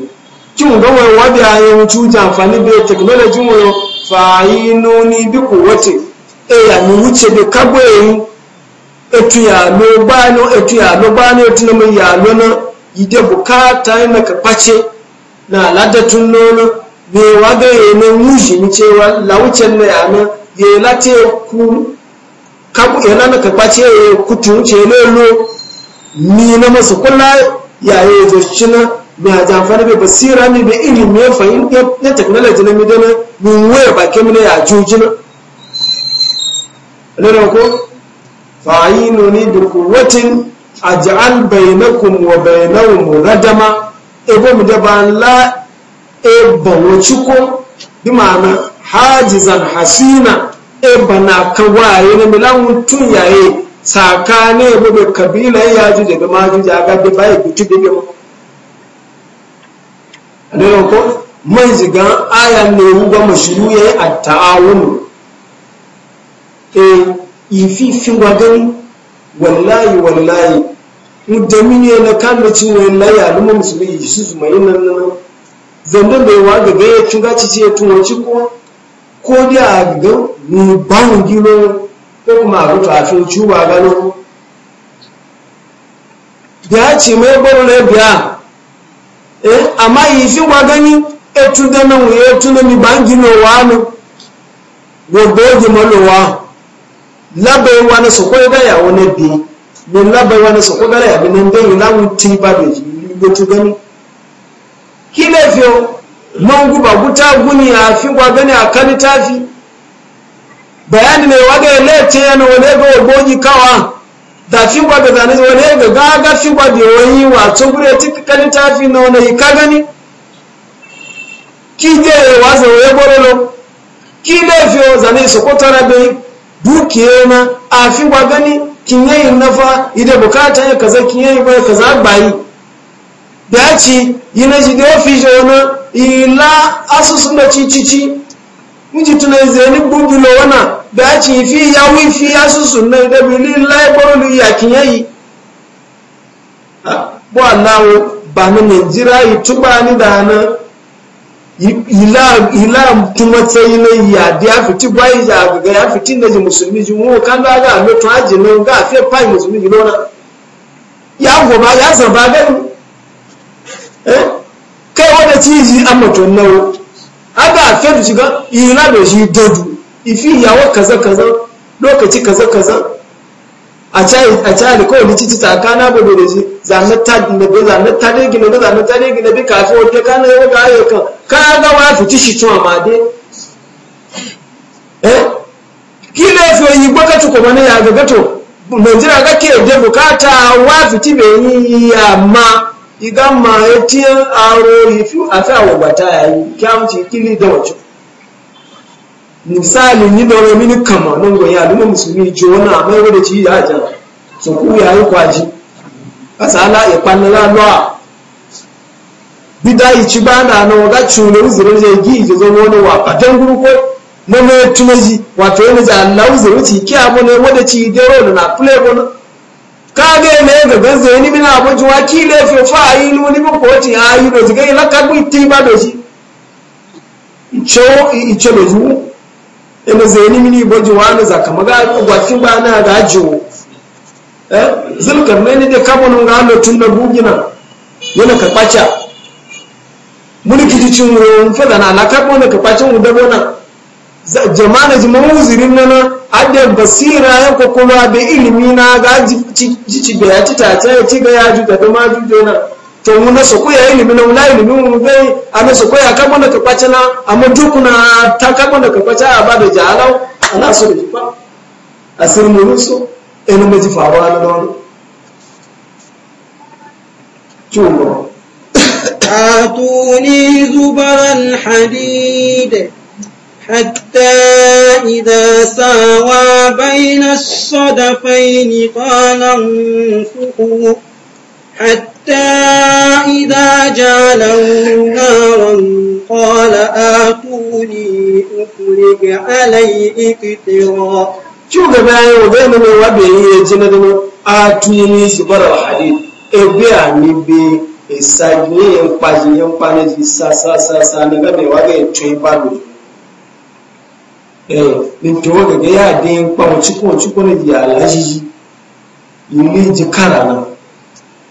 kin ga wai wabi a yi wuce amfani da technology mu bi e ya mi wuce bi kagbo etu ya lo ba no etu ya lo ba no etu na mu ya lo na ide bukata na ka na ladatun nono yi na wuji cewa la wuce na ya na late ku kagbo na kutu lo ni na masu yaye da shina bi a jamfani basira ne bi ilimi ya fahim na technology na midana bi waya ba ke na ya jujina ne ko fa'inu ni da kuwatin aj'al bainakum wa bainahum radama ebo mi daba la ebo wochuko bi ma'ana hajizan hasina eba na kawaye na milan tun yaye tsakane bude kabila ya ji daga majuji a gaɗe bai kuti da mu a nan ko mai zigan aya ne mu mashiru ya yi a ta'awunu e ifi fi wagan wallahi wallahi da ne na kanda cin wallahi alumma musulmi su su mai nan nan zanda da wa ga ga ci ya ce ci ko ko da ga ni ban gilo ko kuma a rutu a cin cuba gano biya ce mai gwarure biya eh amma yi fi wa gani etu da na wuye etu na mi bangi lowa nu gbogbo oge ma lowa labai wa na sokoi da ya wani bi ni labai wa na sokoi da ya bi nan dai wu ti ba da ji etu gani kile fi o man ba guta guni a fi wa gani a ta tafi bayani ne waga ne ce yana wani ga gogi kawa da fi ba da zane wani ga gaga fi ba wani wato gure tikkan tafi na wani ka gani ki je wa ya ki da fi zane su ko tara bai dukiye na a fi ba gani nafa ida bukata ya kaza kin yayi ba kaza bayi da ci yi na ji da fi jona ila asusun da cicici miji tunai zai ni bubulo wana bí a fi yáwó fi ásùsù náà débi lílá ìgbọ́rọ̀lù yàkìyẹ́ yìí bọ́ aláwọ̀ bà nàìjíríà ìtúgbà nídàáná ìlà túnmọ̀tẹ́ ilé ìyàdí àfitígbà ìyà àgbègbè àfití nẹ́jì mùsùlùmí ju wọn ká lọ́gà Musulmi ji náà gá àfẹ́ páì mùsùlùmí jù lọ́nà yà wọ̀ bá yà sàn bá gẹ́gù kẹ́wọ́n ti yí amọ̀tò náà aga àfẹ́ ìlànà yìí ifi yawa kaza kaza lokaci kaza kaza a cari kawai ni cici tsakana ba da shi zanen ta na bi ta ne gina zanen ta ne gina bi kafin wata kana yau ga ayyukan ka ga wa fiti shi tuwa ma dai eh kila fi yi gwakatu kuma na ya gagato nigeria ga ke da bukata wa fiti bai yi ya ma iga ma ya tiyan aro yi fi a fi awogbata ya yi kyamci kili da wacce misali ni da wani mini kama nan gwani a duma musulmi ji wani a mai wadda ci ya jan so ku ya yi kwaji kasa ala ya kwanila lo'a bida yi ci ba na nan waga cune uzurin ya gi ji zama wani wa fatan guru ko na mai tunaji wato yana za Allah uzurin ci ki abu ne wadda ci dero da na fule gona ka ga ne ga zai ni mina abu ji wakile fe fa yi lu ni ko ci yi? do ji ga ila ka bu ti ba do ji icho icho ina yi mini baji wani za kama ga gwakin ba na ga jiwo eh zulkar ne da kamun ga Allah tun da bugina yana ka kwacha mulki ji cin ruwan fada na na kabo ne ka kwacha mu da bona jama'a ji mamuzirin nana adda basira ya ko kuma da ilimi na ga ji ci da ya ci ta ta ci ga ya ju da ma ju na to mu na soko ya ilimi na wula ilimi mu bai a na soko ya kabo na kafaci na a mu dukuna ta kabo na kafaci a ba da jahalau ana so da jifa a sirmi ina mai ji faruwa na wani ciwon gaba آتوني زبر الحديد حتى إذا ساوى بين الصدفين قال انفقوا حتى إذا جعله نارا قال آتوني أفرق عليه إقترا شو قبائي وبين من وبيه جنة آتوني سبر الحديد إبيع نبي ìsàgbé yẹn pàjì yẹn pàjì yẹn sàsàsàsà ní gbẹ́mẹ̀ wáyé ètò ipa lò ẹ̀ nítorí gẹ́gẹ́ yáà dín pàwọn tí kò tí kò ní di àlá yíyí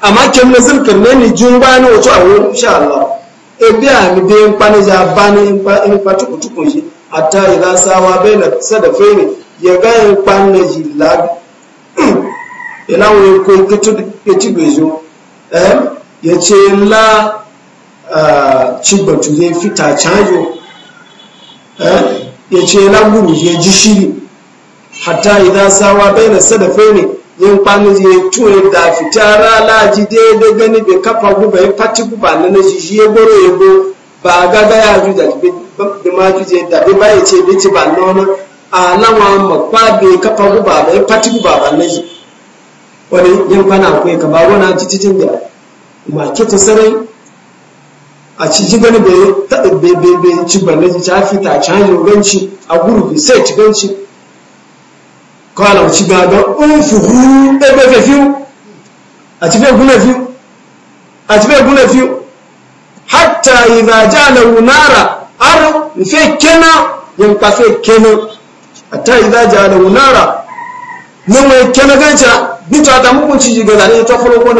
amma kem na zirkar ne ni jun ba ni wato a wurin insha Allah e biya mi dai in pani ja ba in pa in pa tuku tuku shi hatta idan sawa bai na sadafe ne ya ga in pani ji labi ila wo ko kitu kitu bejo eh ya ce la cibbatu zai fita cajo ya ce la guru ya ji shiri hatta idan sawa bai na sadafe ne yin kwanu je tuwe da fitara laji daidai gani bai kafa guba ya fati guba na na shi ya goro ya go ba gaga ya ju da da ma ju je da ba ya ce bici ba nono a lawa ma ba bai kafa guba ba ya fati guba ba na shi wani yin kwana akwai ka ba wani tititin da ma kita sarai a ciki gani bai ci ba na shi ta fita a can yoganci a guru sai ci ganci kọ́lá òtí gbàgbọ́ ó ń fùkú ẹgbẹ́ fẹ́fíú àti fẹ́ gúnlẹ̀ fíú àti fẹ́ gúnlẹ̀ fíú hátà ìrìnàjá àlẹ̀wò náírà arọ ìfẹ́ kéná yẹn kéná hátà ìrìnàjá àlẹ̀wò náírà níwọ̀n kéná gẹ́jà nítorí àtàmúkú ti yìí ní ìtọ́ fọlọ́kọ́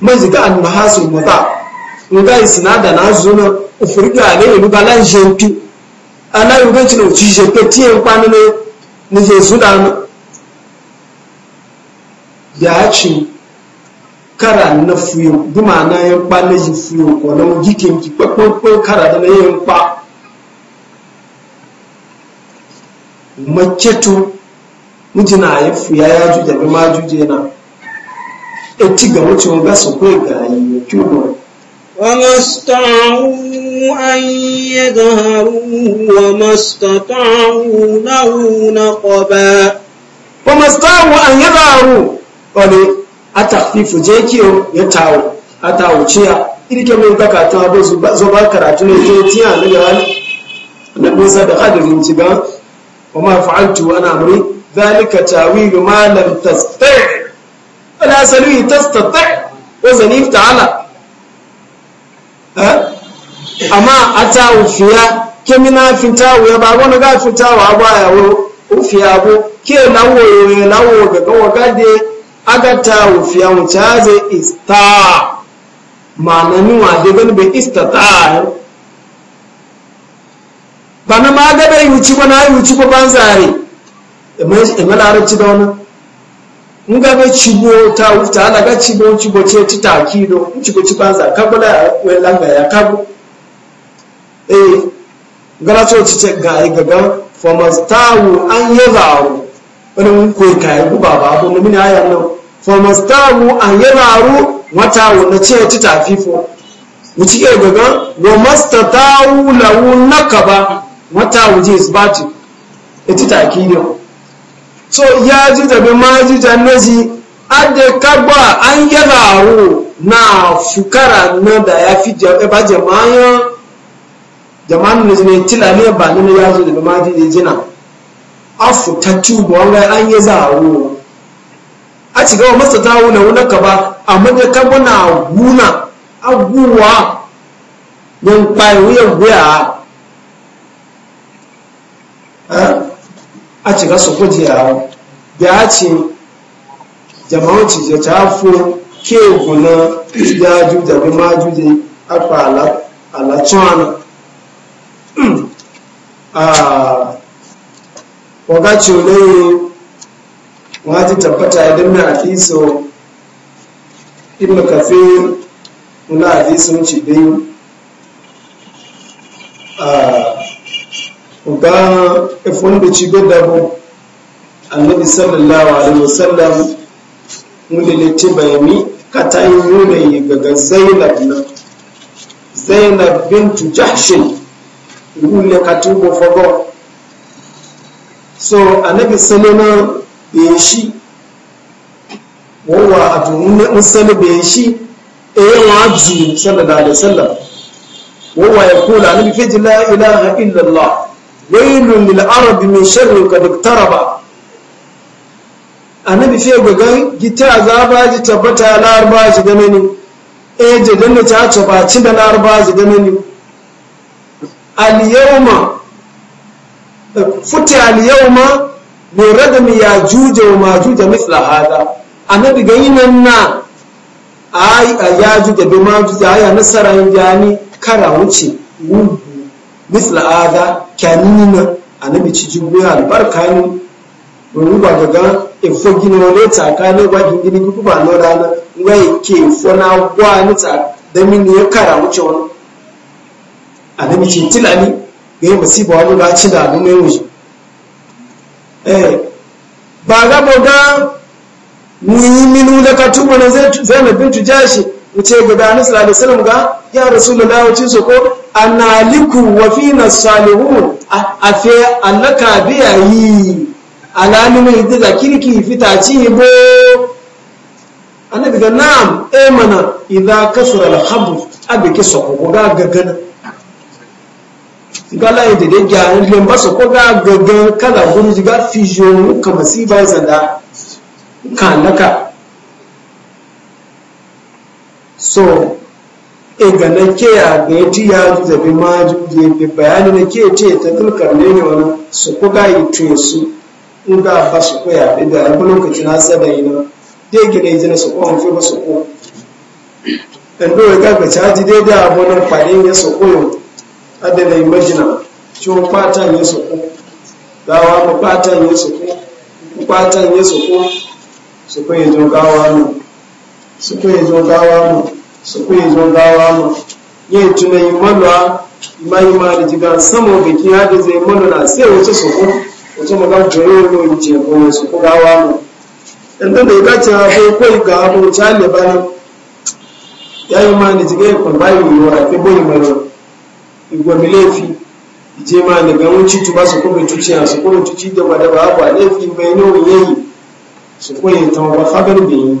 maziga an mahasul maza nga isina da na zuna ufurga ne ilu bala jentu ala na cin uci jentu tiye kwanu ne ni je da na ya ci kara na fuyo duma na yan pa na yi fuyo ko na uji ke ki kara da na yan pa macetu mutuna ya fuya ya juje bi ma juje na eti ga wuce wanga su kai ga yi kyugo وما استطاعوا أن يظهروه وما استطاعوا له نقبا وما استطاعوا أن يظهروه a tafifu je ya tawo a tawo ciya irke mai takatun abin zo ba karatu ne ke tiya na gaba na bisa da hadirin ci ga wa ma fa'altu wa na amri zalika tawilu ma lam tastati ولا سلوي تستطع وزن يفتعل أه؟ أما أتى وفيا كمنا فتاو يا بابا نغا فتاو أبا يا وفيا أبو ke lawo lawo daga wagade agata wufiya mutaze ista manani wa de gani be istata bana ma gaba yi wuci ko na yi wuci ko banzare imala arabci da wannan ngabe chibo ta utala ga chibo chibo che titakido chibo chibanza kabula welanga ya kabu eh ngala cho chiche ga igaga e famastawu an yazaru wani mun koyi kayan e ku ba ba abu mini aya nan famastawu an yazaru wata wanda ce titafifo mu cike e gaga wa mastatawu lawu nakaba wata wuje isbati ititakido so ya ji daga maji jannaji ade kagba an yaga awo na fukara na da ya fi e ba jama'a jama'a na jini tila ne ba ne ya zo ma maji da jina afu ta tubu an ga an yi zaro a ci gaba masa ta wuna wuna ka ba amma da ka na guna aguwa yan kwaye wuyan wuya a cika su kuji yawo ya ce jama'anci ya ta fo ke guna ya juja bi ma juje akpa alatuwana ah, wakaci olayi wata tabbata idan mai afiso ibn kafe wani afisun ci biyu a ah, ga efon da ci be dabo annabi sallallahu alaihi wasallam mulele ti bayani kata yi gaga zainab na zainab bintu jahshin wule katubo fogo so annabi sallallahu alaihi shi wawa a tunin sallallahu shi eh wa ju sallallahu alaihi wasallam wawa ya kula annabi fi la ilaha illallah wailun lil arabi min sharri kad iktaraba annabi fiye ga gan gita azaba ji tabbata larba ji ni. e je danna ta ba ci da larba ji ganani al yawma futi al yawma min radmi ya juja wa ma majuja mithla hada annabi ga nan na ai ya juja bi majuja ya nasara yin jani kara wuce misla ada kyanina anabi cijin buya albarka ne wani ba gaga efo gini wani tsakani ba gingini kuku ba no rana wai ke efo na gwa ni tsakani ne ya kara wuce wani anabi ce tilani ga yi masiba wani ba ci da abu mai wuce eh ba ga boga mu yi minu da zai na zainabin tujashi wuce guda na sallallahu alaihi wasallam ga ya rasulullahi wuce su ko analiku wa fina salihun a fe allaka biya yi alalimi idan da kirki fita ci bo annabi ga na'am emana mana idan kasura da alhabu. abiki soko ko ga gagana gala yadda da gyaran lemba su ko ga gagan kala gudu ga fijiyoyi si bai zanda kanaka so ga na ke a ga ya ya zabi ma bayani na ke ce ta tulkar ne ne wani su kuka yi tuyo su in ga ba su ya da a lokaci na sada yi na dai gina jina su mafi ba su ko ga ga caji dai da abunan faɗin ya su koyo adana imajina ciwon fatan ya su gawa fatan ya su fatan ya ya zo gawa mu suku yi zo gawa ma yin tuna yi malwa ma yi ma da jiga sama da ki hada zai malwa na sai wasu suku wasu magan koyo ko yi ce ko wasu ku gawa ma dan dan da ya gace ko ko ga abu chale bana ya yi ma da jiga ko ba yi yi wa ke boye malwa igwa milefi je ma da ga wuci tuba su kuma tuciya su kuma tuci da ba da ba ba laifin bai ne yayi su koyi tawafa garin bai yi